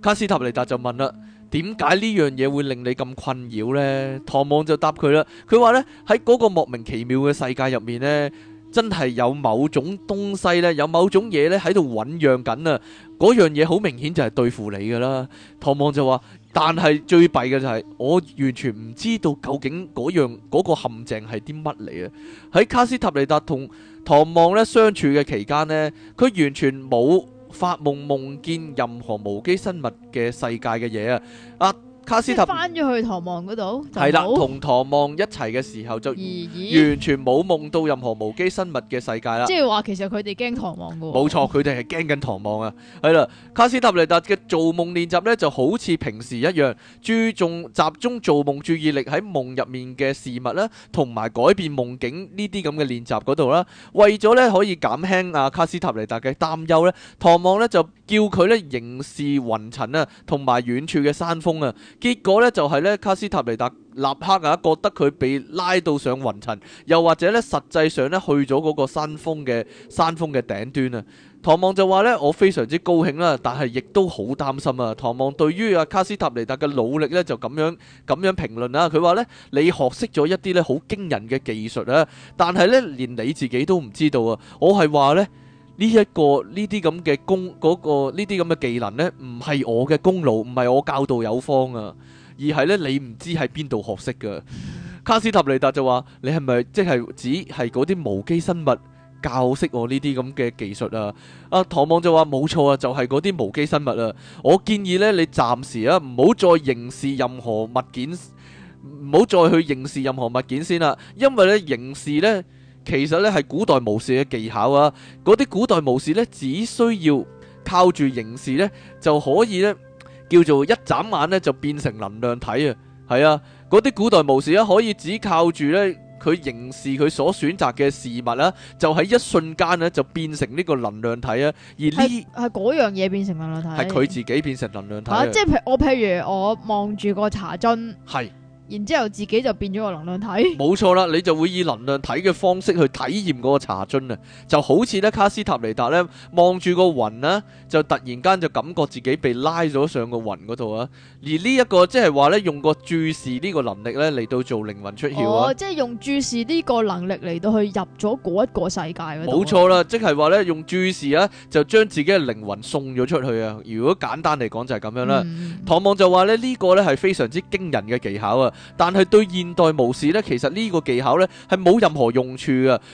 卡斯塔尼達就問啦，點解呢樣嘢會令你咁困擾咧？唐望就答佢啦，佢話咧喺嗰個莫名其妙嘅世界入面咧，真係有某種東西咧，有某種嘢咧喺度醞釀緊啊！嗰樣嘢好明顯就係對付你噶啦。唐望就話，但係最弊嘅就係，我完全唔知道究竟嗰樣嗰個陷阱係啲乜嚟啊！喺卡斯塔尼達同唐望咧相處嘅期間咧，佢完全冇發夢夢見任何無機生物嘅世界嘅嘢啊！啊～卡斯塔返咗去唐望嗰度，係啦，同唐望一齊嘅時候就完全冇夢到任何無機生物嘅世界啦。即係話其實佢哋驚唐望噶，冇錯，佢哋係驚緊唐望啊。係啦，卡斯塔尼達嘅做夢練習呢就好似平時一樣，注重集中做夢注意力喺夢入面嘅事物啦，同埋改變夢境呢啲咁嘅練習嗰度啦。為咗呢可以減輕阿卡斯塔尼達嘅擔憂呢，唐望呢就叫佢呢凝視雲層啊，同埋遠處嘅山峰啊。結果咧就係咧，卡斯塔尼達立刻啊覺得佢被拉到上雲層，又或者咧實際上咧去咗嗰個山峰嘅山峰嘅頂端啊。唐望就話咧，我非常之高興啦，但係亦都好擔心啊。唐望對於啊卡斯塔尼達嘅努力咧就咁樣咁樣評論啊。佢話咧，你學識咗一啲咧好驚人嘅技術啊，但係咧連你自己都唔知道啊。我係話咧。呢一個呢啲咁嘅功嗰個呢啲咁嘅技能呢，唔係我嘅功勞，唔係我教導有方啊，而係呢，你唔知喺邊度學識噶。卡斯塔尼達就話：你係咪即係只係嗰啲無機生物教識我呢啲咁嘅技術啊？阿唐望就話：冇錯啊，就係嗰啲無機生物啊。我建議呢，你暫時啊唔好再凝視任何物件，唔好再去凝視任何物件先啦，因為刑呢，凝視呢。其實咧係古代巫師嘅技巧啊，嗰啲古代巫師咧只需要靠住凝視咧，就可以咧叫做一眨眼咧就變成能量體啊。係啊，嗰啲古代巫師啊可以只靠住咧佢凝視佢所選擇嘅事物啦，就喺一瞬間咧就變成呢個能量體啊。而呢係嗰樣嘢變成能量體，係佢自己變成能量體啊。即係我譬如我望住個茶樽。然之後自己就變咗個能量體，冇錯啦，你就會以能量體嘅方式去體驗嗰個茶樽啊，就好似咧卡斯塔尼達咧望住個雲呢就突然間就感覺自己被拉咗上個雲嗰度啊，而呢一個即係話咧用個注視呢個能力咧嚟到做靈魂出竅，啊哦、即係用注視呢個能力嚟到去入咗嗰一個世界嗰度冇錯，啊、啦，即係話咧用注視啊就將自己嘅靈魂送咗出去啊，如果簡單嚟講就係咁樣啦、啊。嗯、唐望就話咧呢、這個咧係非常之驚人嘅技巧啊。但係對現代武士呢，其實呢個技巧呢係冇任何用處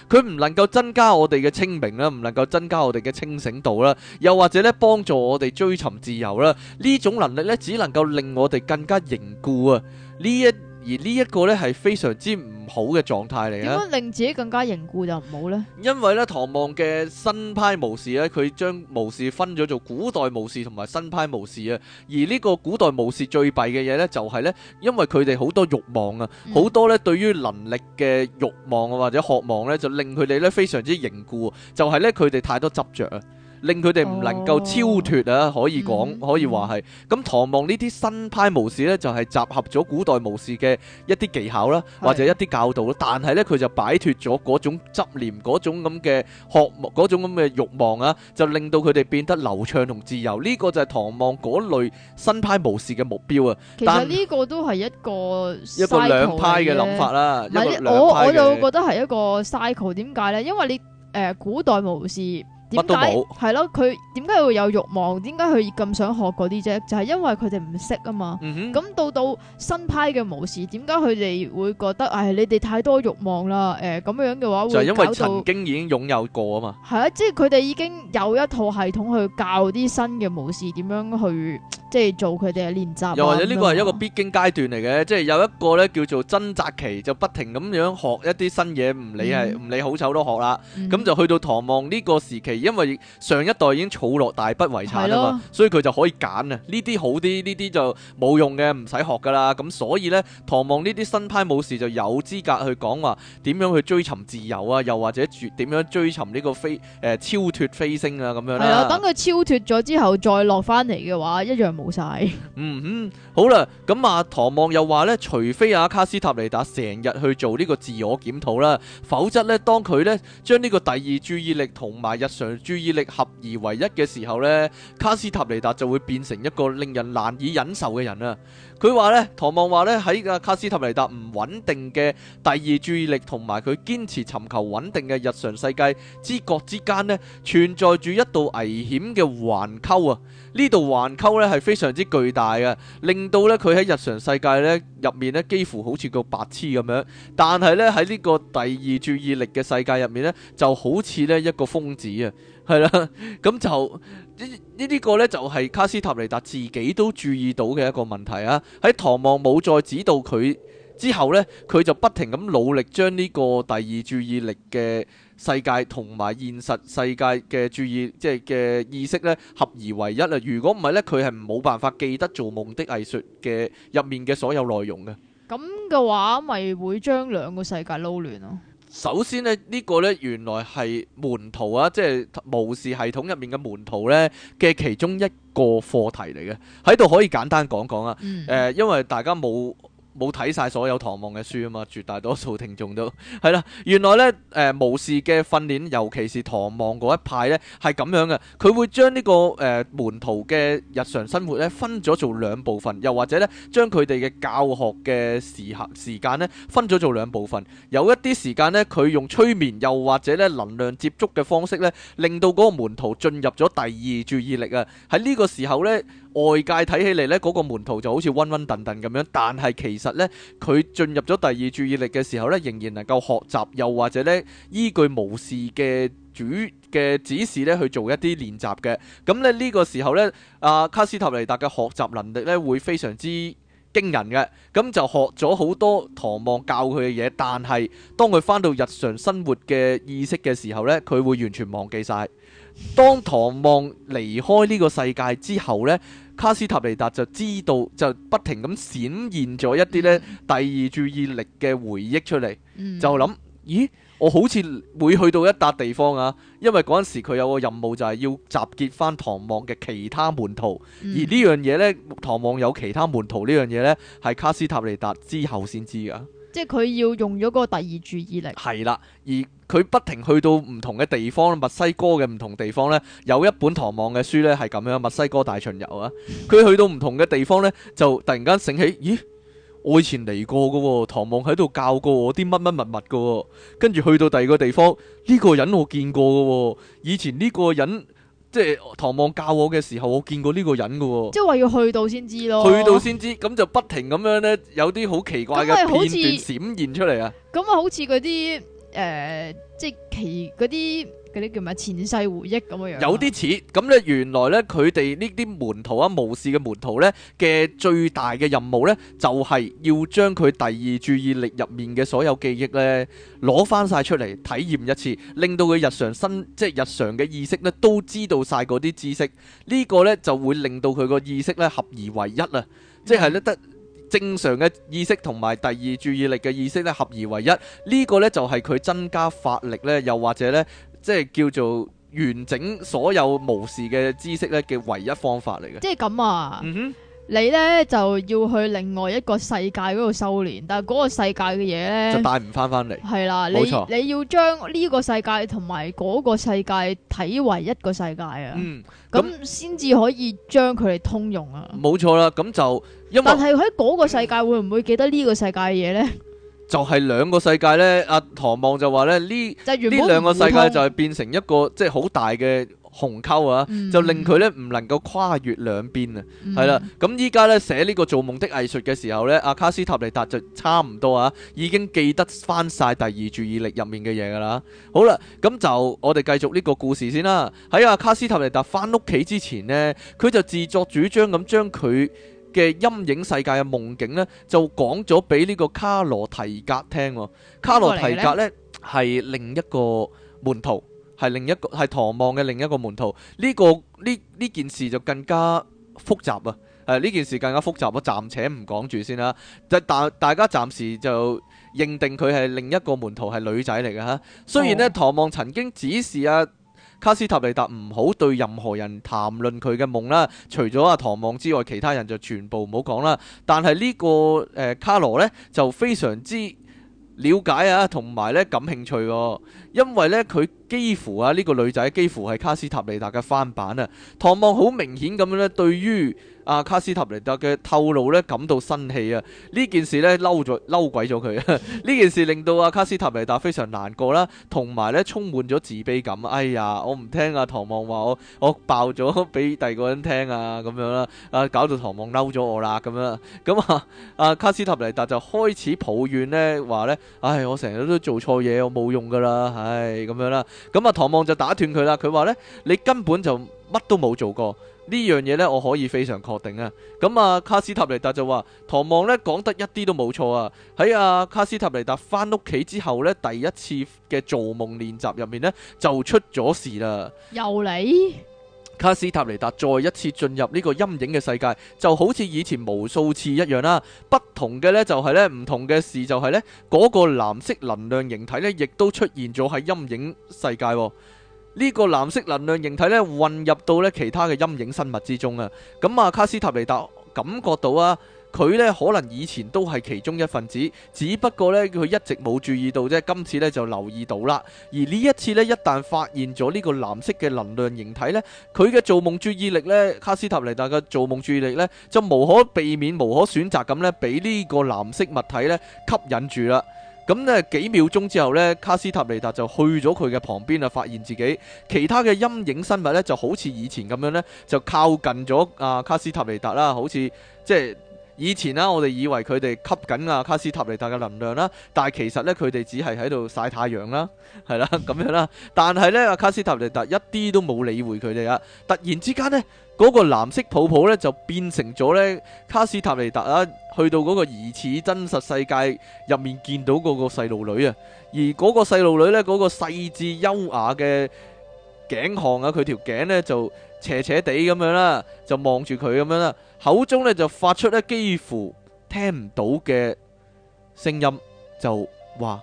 噶，佢唔能夠增加我哋嘅清明啦，唔能夠增加我哋嘅清醒度啦，又或者呢幫助我哋追尋自由啦，呢種能力呢，只能夠令我哋更加凝固啊！呢一而呢一個呢係非常之唔好嘅狀態嚟嘅。點樣令自己更加凝固就唔好呢？因為呢唐望嘅新派模式呢，佢將模式分咗做古代模式同埋新派模式啊！而呢個古代模式最弊嘅嘢呢，就係呢，因為佢哋好多慾望啊，好、嗯、多呢對於能力嘅慾望啊，或者渴望呢，就令佢哋呢非常之凝固，就係呢，佢哋太多執着啊！令佢哋唔能夠超脫啊，哦、可以講，嗯、可以話係咁。唐望呢啲新派巫師呢，就係、是、集合咗古代巫師嘅一啲技巧啦、啊，或者一啲教導啦、啊。的但係呢，佢就擺脫咗嗰種執念、嗰種咁嘅渴望、咁嘅慾望啊，就令到佢哋變得流暢同自由。呢、這個就係唐望嗰類新派巫師嘅目標啊。其實呢個都係一個一個兩派嘅諗法啦。我我就覺得係一個 cycle 一個。點解咧？因為你誒、呃、古代巫師。點解？乜都冇，係咯？佢點解會有慾望？點解佢咁想學嗰啲啫？就係、是、因為佢哋唔識啊嘛。咁、嗯、哼到到新派嘅武士，點解佢哋會覺得唉、哎？你哋太多慾望啦。誒、呃，咁樣嘅話，會就係因為曾經已經擁有過啊嘛。係啊，即係佢哋已經有一套系統去教啲新嘅武士點樣去。即係做佢哋嘅練習。又或者呢個係一個必經階段嚟嘅，嗯、即係有一個咧叫做掙扎期，就不停咁樣學一啲新嘢，唔理係唔理好醜都學啦。咁、嗯、就去到唐望呢個時期，因為上一代已經儲落大筆遺產啊嘛，嗯、所以佢就可以揀啊。呢啲好啲，呢啲就冇用嘅，唔使學噶啦。咁所以呢，唐望呢啲新派武士就有資格去講話點樣去追尋自由啊，又或者點樣追尋呢個飛誒、呃、超脫飛升啊咁樣。係啊，等佢超脫咗之後再落翻嚟嘅話，一樣冇冇晒，嗯哼，好啦，咁阿唐望又話咧，除非阿、啊、卡斯塔尼達成日去做呢個自我檢討啦，否則咧，當佢咧將呢將個第二注意力同埋日常注意力合二為一嘅時候咧，卡斯塔尼達就會變成一個令人難以忍受嘅人啦！佢話咧，唐望話咧，喺個卡斯塔尼達唔穩定嘅第二注意力同埋佢堅持尋求穩定嘅日常世界知覺之間咧，存在住一道危險嘅環溝啊！呢度環溝咧係非常之巨大嘅，令到咧佢喺日常世界咧入面咧幾乎好似個白痴咁樣，但係咧喺呢個第二注意力嘅世界入面咧，就好似咧一個瘋子啊！係啦，咁就呢呢個呢就係卡斯塔尼達自己都注意到嘅一個問題啊！喺唐望冇再指導佢之後呢，佢就不停咁努力將呢個第二注意力嘅世界同埋現實世界嘅注意即係嘅意識呢合而為一啦。如果唔係呢，佢係冇辦法記得做夢的藝術嘅入面嘅所有內容嘅。咁嘅話咪會將兩個世界撈亂咯。首先咧，呢個咧原來係門徒啊，即係巫士系統入面嘅門徒咧嘅其中一個課題嚟嘅，喺度可以簡單講講啊。誒、嗯呃，因為大家冇冇睇晒所有唐望嘅書啊嘛，絕大多數聽眾都係 啦。原來咧，誒、呃、巫士嘅訓練，尤其是唐望嗰一派咧，係咁樣嘅。佢會將呢、這個誒、呃、門徒嘅日常生活咧分咗做兩部分，又或者咧將佢哋嘅教學嘅時限時間咧分咗做兩部分。有一啲時間呢，佢用催眠又或者咧能量接觸嘅方式咧，令到嗰個門徒進入咗第二注意力啊。喺呢個時候咧。外界睇起嚟呢，嗰個門徒就好似昏昏頓頓咁樣，但係其實呢，佢進入咗第二注意力嘅時候呢，仍然能夠學習，又或者呢，依據無視嘅主嘅指示呢去做一啲練習嘅。咁呢呢、呢個時候呢，阿、啊、卡斯塔尼達嘅學習能力呢會非常之驚人嘅。咁就學咗好多唐望教佢嘅嘢，但係當佢返到日常生活嘅意識嘅時候呢，佢會完全忘記晒。當唐望離開呢個世界之後呢。卡斯塔尼達就知道就不停咁閃現咗一啲咧，第二注意力嘅回憶出嚟，嗯、就諗咦，我好似會去到一笪地方啊！因為嗰陣時佢有個任務就係要集結翻唐望嘅其他門徒，嗯、而呢樣嘢咧，唐望有其他門徒呢樣嘢咧，係卡斯塔尼達之後先知噶。即係佢要用咗嗰個第二注意力。係啦，而。佢不停去到唔同嘅地方，墨西哥嘅唔同地方呢，有一本唐望嘅書呢，係咁樣，墨西哥大巡遊啊！佢去到唔同嘅地方呢，就突然間醒起，咦，我以前嚟過噶，唐望喺度教過我啲乜乜物物噶，跟住去到第二個地方，呢個人我見過噶，以前呢個人即係唐望教我嘅時候，我見過呢個人噶，即係話要去到先知咯，去到先知，咁就不停咁樣呢，有啲好奇怪嘅片段閃現出嚟啊！咁啊，好似嗰啲。誒、呃，即係其嗰啲啲叫咩前世回憶咁嘅樣，有啲似咁咧。原來咧，佢哋呢啲門徒啊、巫師嘅門徒咧嘅最大嘅任務咧，就係、是、要將佢第二注意力入面嘅所有記憶咧攞翻晒出嚟體驗一次，令到佢日常新即係日常嘅意識咧都知道晒嗰啲知識。這個、呢個咧就會令到佢個意識咧合而為一喇！即係咧得。嗯正常嘅意識同埋第二注意力嘅意識咧合而為一，呢、這個呢就係、是、佢增加法力呢，又或者呢，即係叫做完整所有無視嘅知識咧嘅唯一方法嚟嘅。即係咁啊！嗯哼、mm。Hmm. 你咧就要去另外一個世界嗰度修練，但係嗰個世界嘅嘢咧就帶唔翻翻嚟。係啦，冇錯，你要將呢個世界同埋嗰個世界睇為一個世界啊，咁先至可以將佢哋通用啊。冇錯啦，咁就因為但係喺嗰個世界會唔會記得呢個世界嘅嘢咧？就係兩個世界咧，阿唐望就話咧呢呢兩個世界就係變成一個即係好大嘅。鴻溝啊，嗯、就令佢咧唔能夠跨越兩邊啊，係啦、嗯。咁依家咧寫呢、呢個做夢的藝術嘅時候咧，阿卡斯塔尼達就差唔多啊，已經記得翻晒第二注意力入面嘅嘢噶啦。好啦，咁就我哋繼續呢個故事先啦。喺阿卡斯塔尼達翻屋企之前呢，佢就自作主張咁將佢嘅陰影世界嘅夢境呢就講咗俾呢個卡羅提格聽、啊。卡羅提格呢係另一個門徒。係另一個係唐望嘅另一個門徒，呢、這個呢呢件事就更加複雜啊！誒、啊，呢件事更加複雜啊，暫且唔講住先啦、啊。就大大家暫時就認定佢係另一個門徒係女仔嚟嘅嚇。雖然呢，哦、唐望曾經指示啊卡斯塔利達唔好對任何人談論佢嘅夢啦，除咗阿、啊、唐望之外，其他人就全部唔好講啦。但係呢、這個誒、呃、卡羅呢，就非常之。了解啊，同埋咧感興趣，因為咧佢幾乎啊，呢個女仔幾乎係卡斯塔尼達嘅翻版啊，唐望好明顯咁樣咧對於。阿、啊、卡斯塔尼達嘅透露咧感到生氣啊！呢件事咧嬲咗嬲鬼咗佢啊！呢 件事令到阿卡斯塔尼達非常難過啦，同埋咧充滿咗自卑感。哎呀，我唔聽啊！唐望話，我我爆咗俾第二個人聽啊，咁樣啦，啊搞到唐望嬲咗我啦，咁樣。咁啊，阿、啊、卡斯塔尼達就開始抱怨咧，話咧，唉、哎，我成日都做錯嘢，我冇用噶啦，唉、哎，咁樣啦。咁啊，唐望就打斷佢啦，佢話咧，你根本就乜都冇做過。呢樣嘢呢，我可以非常確定啊！咁啊，卡斯塔尼達就話：唐望呢，講得一啲都冇錯啊！喺啊，卡斯塔尼達返屋企之後呢，第一次嘅做夢練習入面呢，就出咗事啦！又嚟你，卡斯塔尼達再一次進入呢個陰影嘅世界，就好似以前無數次一樣啦、啊。不同嘅呢、就是，就係、是、呢，唔同嘅事，就係呢，嗰個藍色能量形體呢，亦都出現咗喺陰影世界、啊。呢個藍色能量形體呢，混入到呢其他嘅陰影生物之中啊！咁啊，卡斯塔尼達感覺到啊，佢呢可能以前都係其中一份子，只不過呢，佢一直冇注意到啫，今次呢，就留意到啦。而呢一次呢，一旦發現咗呢個藍色嘅能量形體呢，佢嘅做夢注意力呢，卡斯塔尼達嘅做夢注意力呢，就無可避免、無可選擇咁呢，俾呢個藍色物體呢吸引住啦。咁呢、嗯、幾秒鐘之後呢，卡斯塔尼達就去咗佢嘅旁邊啊，發現自己其他嘅陰影生物呢，就好似以前咁樣呢，就靠近咗啊、呃、卡斯塔尼達啦，好似即係。以前啦，我哋以為佢哋吸緊啊卡斯塔尼達嘅能量啦，但係其實呢，佢哋只係喺度晒太陽啦，係啦咁樣啦。但係呢，阿卡斯塔尼達一啲都冇理會佢哋啊！突然之間呢，嗰個藍色泡泡呢就變成咗呢卡斯塔尼達啊，去到嗰個疑似真實世界入面見到嗰個細路女啊，而嗰個細路女呢，嗰個細致優雅嘅頸項啊，佢條頸呢就，斜斜地咁樣啦，就望住佢咁樣啦，口中咧就發出咧幾乎聽唔到嘅聲音，就話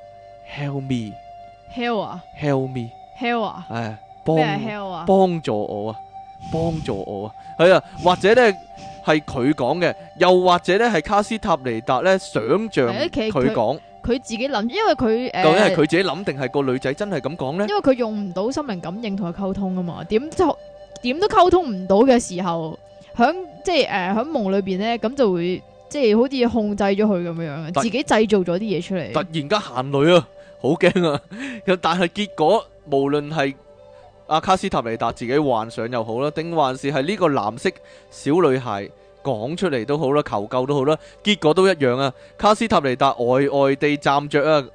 Help me，Help 啊，Help me，Help 啊，誒，幫，咩 Help 啊？幫助我啊，幫助我啊，係啊，或者咧係佢講嘅，又或者咧係卡斯塔尼達咧想象佢講，佢自己諗，因為佢誒，究竟係佢自己諗定係個女仔真係咁講咧？因為佢用唔到心靈感應同佢溝通啊嘛，點做？點都溝通唔到嘅時候，響即係誒響夢裏邊咧，咁就會即係好似控制咗佢咁樣樣，突自己製造咗啲嘢出嚟。突然間行雷啊，好驚啊！但係結果無論係阿卡斯塔尼達自己幻想又好啦，定還是係呢個藍色小女孩講出嚟都好啦，求救都好啦，結果都一樣啊！卡斯塔尼達呆，呆呆地站着啊，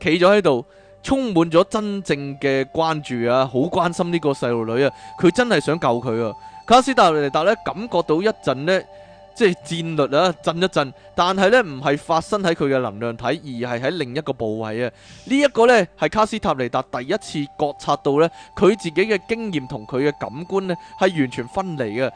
企咗喺度。充滿咗真正嘅關注啊，好關心呢個細路女啊，佢真係想救佢啊！卡斯塔尼達咧感覺到一陣呢即係戰慄啊，震一震，但係呢唔係發生喺佢嘅能量體，而係喺另一個部位啊！呢一個呢係卡斯塔尼達第一次覺察到呢，佢自己嘅經驗同佢嘅感官呢係完全分離嘅。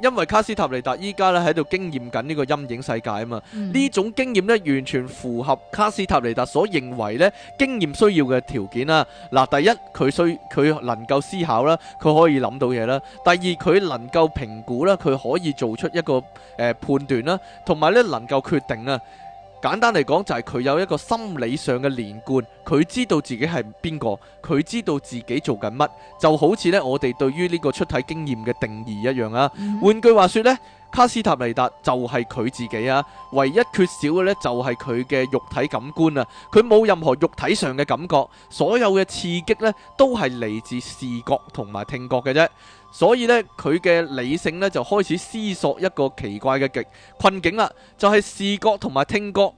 因為卡斯塔尼達依家咧喺度經驗緊呢個陰影世界啊嘛，呢種經驗咧完全符合卡斯塔尼達所認為咧經驗需要嘅條件啦。嗱，第一佢需佢能夠思考啦，佢可以諗到嘢啦；第二佢能夠評估啦，佢可以做出一個誒判斷啦，同埋咧能夠決定啊。簡單嚟講就係佢有一個心理上嘅連貫，佢知道自己係邊個，佢知道自己做緊乜，就好似呢我哋對於呢個出體經驗嘅定義一樣啊。換、嗯、句話說呢，卡斯塔尼達就係佢自己啊，唯一缺少嘅呢，就係佢嘅肉體感官啊，佢冇任何肉體上嘅感覺，所有嘅刺激呢，都係嚟自視覺同埋聽覺嘅啫。所以呢，佢嘅理性呢，就開始思索一個奇怪嘅極困境啦，就係視覺同埋聽覺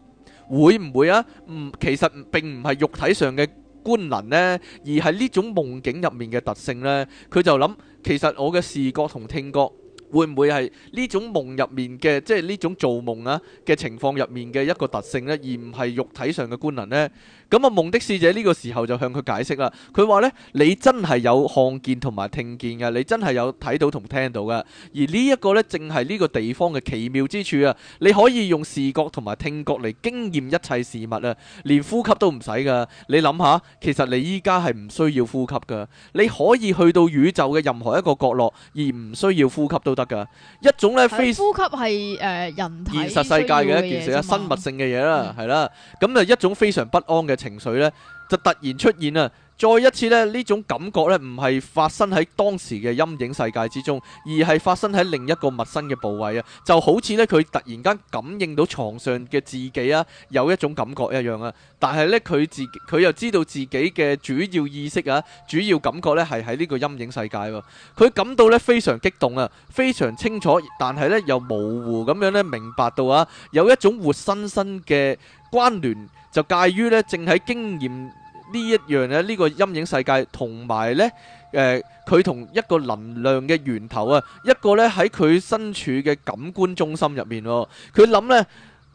會唔會啊？唔其實並唔係肉體上嘅官能呢，而係呢種夢境入面嘅特性呢？佢就諗，其實我嘅視覺同聽覺會唔會係呢種夢入面嘅，即係呢種做夢啊嘅情況入面嘅一個特性呢，而唔係肉體上嘅官能呢？咁啊，夢的使者呢個時候就向佢解釋啦。佢話咧：你真係有看見同埋聽見嘅，你真係有睇到同聽到嘅。而呢一個咧，正係呢個地方嘅奇妙之處啊！你可以用視覺同埋聽覺嚟經驗一切事物啊！連呼吸都唔使㗎。你諗下，其實你依家係唔需要呼吸㗎。你可以去到宇宙嘅任何一個角落，而唔需要呼吸都得㗎。一種咧非呼吸係誒、呃、人體現實世界嘅一件事啊，生物性嘅嘢啦，係啦。咁啊，嗯、就一種非常不安嘅。情緒呢，就突然出現啊！再一次呢，呢種感覺呢，唔係發生喺當時嘅陰影世界之中，而係發生喺另一個陌生嘅部位啊！就好似呢，佢突然間感應到床上嘅自己啊，有一種感覺一樣啊！但係呢，佢自己佢又知道自己嘅主要意識啊，主要感覺呢，係喺呢個陰影世界啊，佢感到呢，非常激動啊，非常清楚，但係呢，又模糊咁樣呢，明白到啊，有一種活生生嘅。關聯就介於咧，正喺經驗呢一樣咧，呢個陰影世界同埋咧，誒，佢同一個能量嘅源頭啊，一個咧喺佢身處嘅感官中心入面咯。佢諗咧，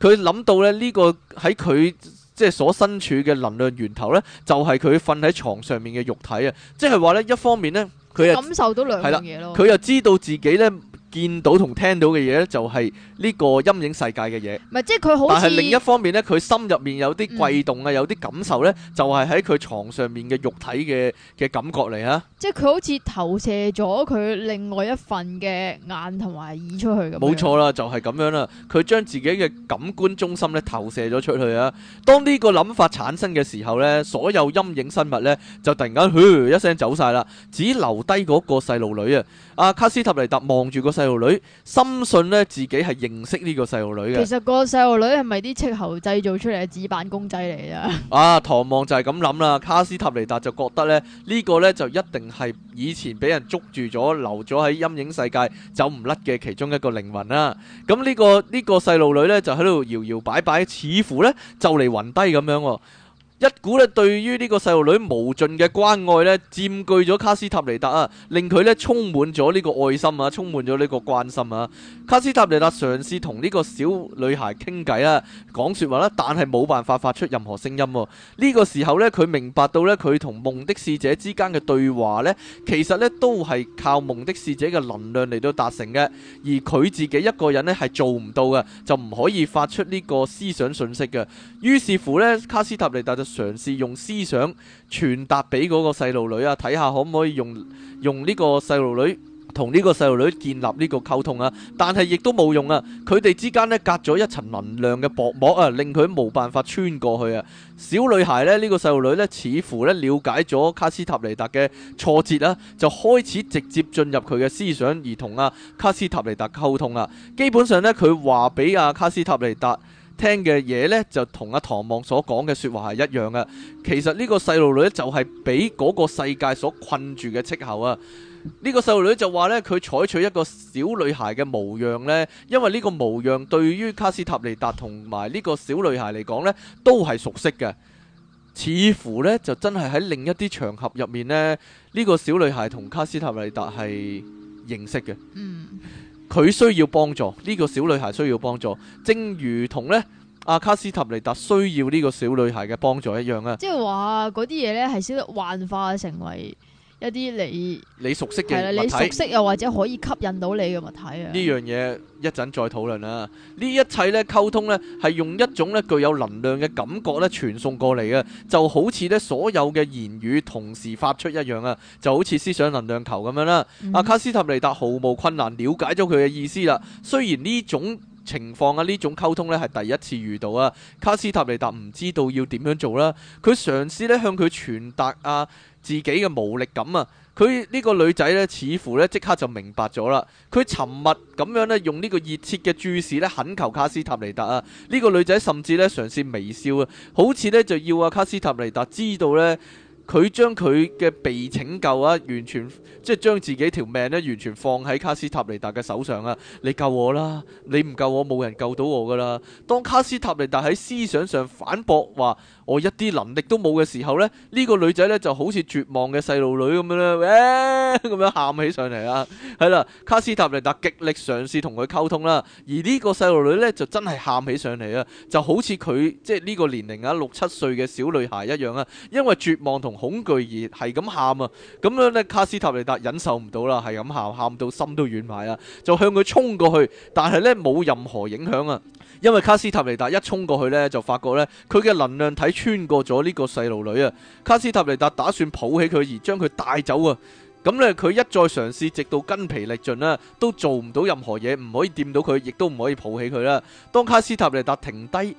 佢諗到咧呢個喺佢即係所身處嘅能量源頭咧，就係佢瞓喺床上面嘅肉體啊。即係話咧，一方面咧，佢感受到兩樣嘢咯，佢又知道自己咧。見到同聽到嘅嘢咧，就係呢個陰影世界嘅嘢。唔係，即係佢好似。但係另一方面咧，佢心入面有啲悸動啊，有啲感受咧，就係喺佢牀上面嘅肉體嘅嘅感覺嚟啊。即係佢好似投射咗佢另外一份嘅眼同埋耳出去咁。冇錯啦，就係咁樣啦。佢將自己嘅感官中心咧投射咗出去啊。當呢個諗法產生嘅時候咧，所有陰影生物咧就突然間噓一聲走晒啦，只留低嗰個細路女啊。阿、啊、卡斯塔尼達望住個細路女，深信咧自己係認識呢個細路女嘅。其實個細路女係咪啲斥候製造出嚟嘅紙板公仔嚟啊？啊，唐望就係咁諗啦。卡斯塔尼達就覺得咧呢、這個咧就一定係以前俾人捉住咗，留咗喺陰影世界走唔甩嘅其中一個靈魂啦。咁、這個這個、呢個呢個細路女咧就喺度搖搖擺擺，似乎咧就嚟暈低咁樣。一股咧對於呢個細路女無盡嘅關愛呢，佔據咗卡斯塔尼達啊，令佢呢充滿咗呢個愛心啊，充滿咗呢個關心啊。卡斯塔尼達嘗試同呢個小女孩傾偈啊，講説話啦，但係冇辦法發出任何聲音。呢個時候呢，佢明白到呢，佢同夢的使者之間嘅對話呢，其實呢都係靠夢的使者嘅能量嚟到達成嘅，而佢自己一個人呢，係做唔到嘅，就唔可以發出呢個思想信息嘅。於是乎呢，卡斯塔尼達就嘗試用思想傳達俾嗰個細路女啊，睇下可唔可以用用呢個細路女同呢個細路女建立呢個溝通啊？但係亦都冇用啊！佢哋之間呢，隔咗一層能量嘅薄膜啊，令佢冇辦法穿過去啊！小女孩呢，呢個細路女呢，似乎呢了解咗卡斯塔尼達嘅挫折啊，就開始直接進入佢嘅思想而同啊卡斯塔尼達溝通啊。基本上呢，佢話俾阿卡斯塔尼達聽嘅嘢呢，就同阿唐望所講嘅說話係一樣嘅。其實呢個細路女就係俾嗰個世界所困住嘅戚候啊。呢個細路女就話呢，佢採取一個小女孩嘅模樣呢，因為呢個模樣對於卡斯塔尼達同埋呢個小女孩嚟講呢，都係熟悉嘅。似乎呢，就真係喺另一啲場合入面呢，呢個小女孩同卡斯塔尼達係認識嘅。嗯。佢需要幫助，呢個小女孩需要幫助，正如同呢阿卡斯塔尼達需要呢個小女孩嘅幫助一樣啊！即係話嗰啲嘢呢係先得幻化成為，一啲你你熟悉嘅物體，係啦，你熟悉又或者可以吸引到你嘅物體啊！呢樣嘢一陣再討論啦。呢一切咧溝通咧係用一種咧具有能量嘅感覺咧傳送過嚟嘅，就好似咧所有嘅言語同時發出一樣啊，就好似思想能量球咁樣啦。阿、啊、卡斯塔尼達毫無困難了解咗佢嘅意思啦。雖然呢種情況啊，呢種溝通咧係第一次遇到啊，卡斯塔尼達唔知道要點樣做啦，佢嘗試咧向佢傳達啊。自己嘅無力感啊！佢呢個女仔呢，似乎呢即刻就明白咗啦。佢沉默咁樣呢，用呢個熱切嘅注視呢，懇求卡斯塔尼達啊！呢、這個女仔甚至呢，嘗試微笑啊，好似呢就要阿卡斯塔尼達知道呢。佢將佢嘅被拯救啊，完全即係將自己條命咧，完全放喺卡斯塔尼達嘅手上啊！你救我啦，你唔救我冇人救到我噶啦。當卡斯塔尼達喺思想上反駁話我一啲能力都冇嘅時候呢，呢個女仔咧就好似絕望嘅細路女咁樣啦，哎，咁樣喊起上嚟啦。係啦，卡斯塔尼達極力嘗試同佢溝通啦，而呢個細路女咧就真係喊起上嚟啊，就好似佢即係呢個年齡啊六七歲嘅小女孩一樣啊，因為絕望同恐懼而係咁喊啊！咁樣呢，卡斯塔尼達忍受唔到啦，係咁喊，喊到心都軟埋啦，就向佢衝過去。但係呢，冇任何影響啊！因為卡斯塔尼達一衝過去呢，就發覺呢，佢嘅能量體穿過咗呢個細路女啊！卡斯塔尼達打算抱起佢而將佢帶走啊！咁呢，佢一再嘗試，直到筋疲力盡啦，都做唔到任何嘢，唔可以掂到佢，亦都唔可以抱起佢啦。當卡斯塔尼達停低，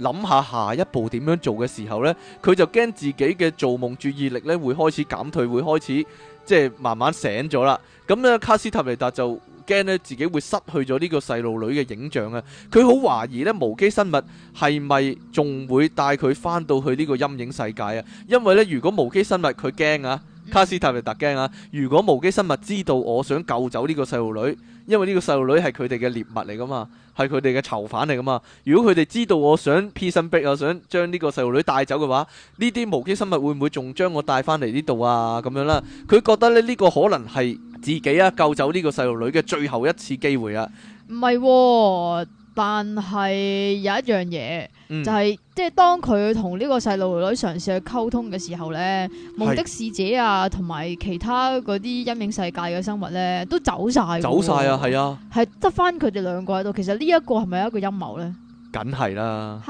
諗下下一步點樣做嘅時候呢，佢就驚自己嘅做夢注意力呢，會開始減退，會開始即係慢慢醒咗啦。咁呢，卡斯塔尼達就驚呢，自己會失去咗呢個細路女嘅影像啊！佢好懷疑呢，無機生物係咪仲會帶佢翻到去呢個陰影世界啊？因為呢，如果無機生物佢驚啊，卡斯塔尼達驚啊，如果無機生物知道我想救走呢個細路女。因為呢個細路女係佢哋嘅獵物嚟噶嘛，係佢哋嘅囚犯嚟噶嘛。如果佢哋知道我想 P 身逼，我想將呢個細路女帶走嘅話，呢啲無機生物會唔會仲將我帶翻嚟呢度啊？咁樣啦，佢覺得咧呢個可能係自己啊救走呢個細路女嘅最後一次機會啊。唔係、哦。但係有一樣嘢，嗯、就係即係當佢同呢個細路女嘗試去溝通嘅時候呢，夢的使者啊，同埋是其他嗰啲陰影世界嘅生物呢，都走晒，走晒啊，係啊，係得翻佢哋兩個喺度。其實呢一個係咪一個陰謀呢？梗係啦。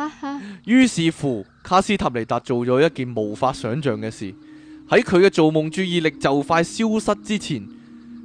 於 是乎，卡斯塔尼達做咗一件無法想象嘅事。喺佢嘅做夢注意力就快消失之前，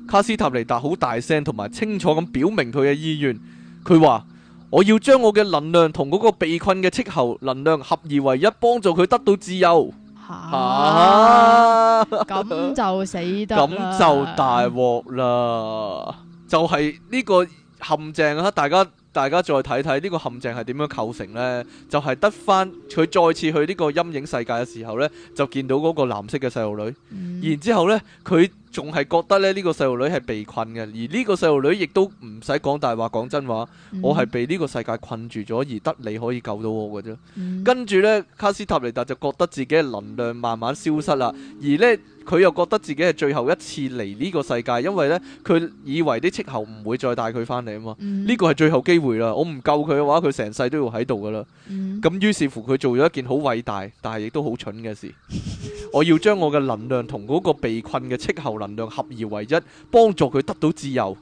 卡斯塔尼達好大聲同埋清楚咁表明佢嘅意願。佢話。我要將我嘅能量同嗰個被困嘅斥候能量合二為一，幫助佢得到自由。吓，咁就死得，咁 就大鑊啦！就係、是、呢個陷阱啊！大家大家再睇睇呢個陷阱係點樣構成呢？就係得翻佢再次去呢個陰影世界嘅時候呢，就見到嗰個藍色嘅細路女，嗯、然之後呢佢。仲係覺得咧，呢、呢個細路女係被困嘅，而呢個細路女亦都唔使講大話，講真話，嗯、我係被呢個世界困住咗，而得你可以救到我嘅啫。嗯、跟住呢，卡斯塔尼達就覺得自己嘅能量慢慢消失啦，嗯、而呢。佢又覺得自己係最後一次嚟呢個世界，因為呢，佢以為啲斥候唔會再帶佢翻嚟啊嘛，呢個係最後機會啦。我唔救佢嘅話，佢成世都要喺度噶啦。咁、嗯、於是乎佢做咗一件好偉大，但係亦都好蠢嘅事。 我要將我嘅能量同嗰個被困嘅斥候能量合而為一，幫助佢得到自由。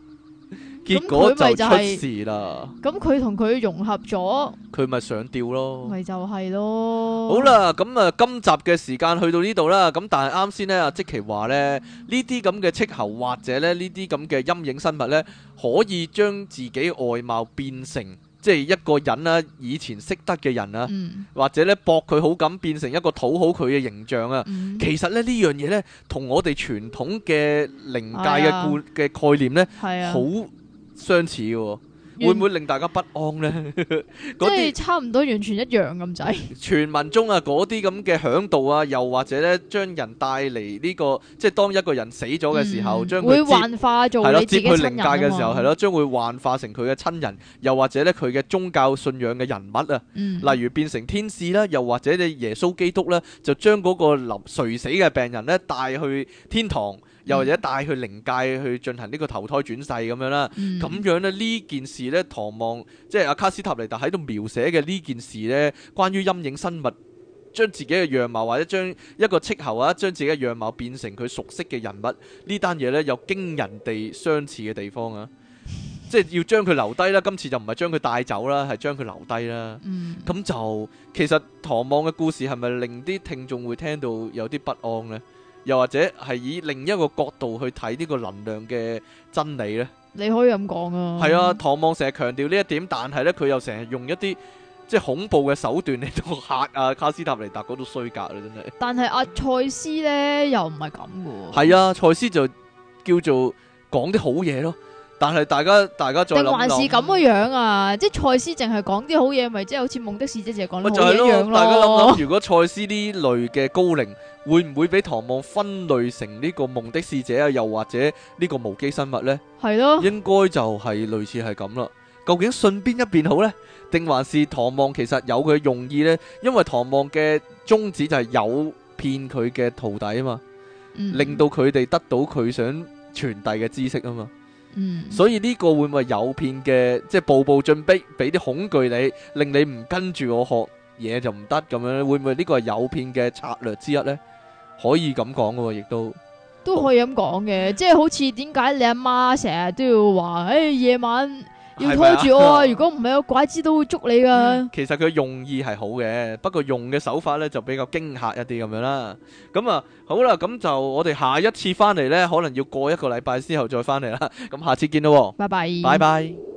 結果就出事啦！咁佢同佢融合咗，佢咪上吊咯？咪就係咯！ 好啦，咁啊，今集嘅時間去到呢度啦。咁但係啱先呢，阿即奇話咧，呢啲咁嘅斥候或者咧呢啲咁嘅陰影生物呢，可以將自己外貌變成即係一個人啦，以前識得嘅人啊，嗯、或者呢博佢好感，變成一個討好佢嘅形象啊。嗯、其實咧呢樣嘢呢，同我哋傳統嘅靈界嘅故嘅概念呢、哎呀，咧，好。相似嘅喎。會唔會令大家不安咧？即係差唔多完全一樣咁滯，傳聞中啊，嗰啲咁嘅嚮導啊，又或者咧，將人帶嚟呢個，即係當一個人死咗嘅時候，將會幻化做係咯，接去靈界嘅時候，係咯，將會幻化成佢嘅親人，又或者咧佢嘅宗教信仰嘅人物啊，例如變成天使啦，又或者你耶穌基督咧，就將嗰個臨垂死嘅病人咧帶去天堂，又或者帶去靈界去進行呢個投胎轉世咁樣啦。咁樣咧呢件事。而咧，唐望即係阿卡斯塔尼達喺度描寫嘅呢件事咧，關於陰影生物將自己嘅樣貌，或者將一個氣候啊，將自己嘅樣貌變成佢熟悉嘅人物，呢單嘢咧有驚人地相似嘅地方啊！即係要將佢留低啦，今次就唔係將佢帶走啦，係將佢留低啦。咁、嗯、就其實唐望嘅故事係咪令啲聽眾會聽到有啲不安咧？又或者係以另一個角度去睇呢個能量嘅真理咧？你可以咁講啊，係啊，唐望成日強調呢一點，但係咧佢又成日用一啲即係恐怖嘅手段嚟到嚇阿卡斯塔尼達嗰度衰格啦，真係。但係阿賽斯咧又唔係咁嘅，係啊，賽斯就叫做講啲好嘢咯。但係大家，大家再諗諗，定還是咁嘅樣啊？即係賽斯淨係講啲好嘢，咪即係好似夢的使者淨係講到一樣咯。大家諗諗，如果賽斯呢類嘅高靈，會唔會俾唐望分類成呢個夢的使者啊？又或者呢個無機生物咧？係咯，應該就係類似係咁啦。究竟信邊一邊好咧？定還是唐望其實有佢嘅用意咧？因為唐望嘅宗旨就係誘騙佢嘅徒弟啊嘛，令到佢哋得到佢想傳遞嘅知識啊嘛。嗯、所以呢個會唔會誘騙嘅，即係步步進逼，俾啲恐懼你，令你唔跟住我學嘢就唔得咁樣，會唔會呢個係誘騙嘅策略之一咧？可以咁講嘅，亦都都可以咁講嘅， 即係好似點解你阿媽成日都要話，誒、哎，夜晚。要拖住我、啊， 如果唔係，我拐子都會捉你噶，嗯。其實佢用意係好嘅，不過用嘅手法咧就比較驚嚇一啲咁樣啦。咁啊，好啦，咁就我哋下一次翻嚟咧，可能要過一個禮拜之後再翻嚟啦。咁下次見咯，拜拜 bye，拜拜。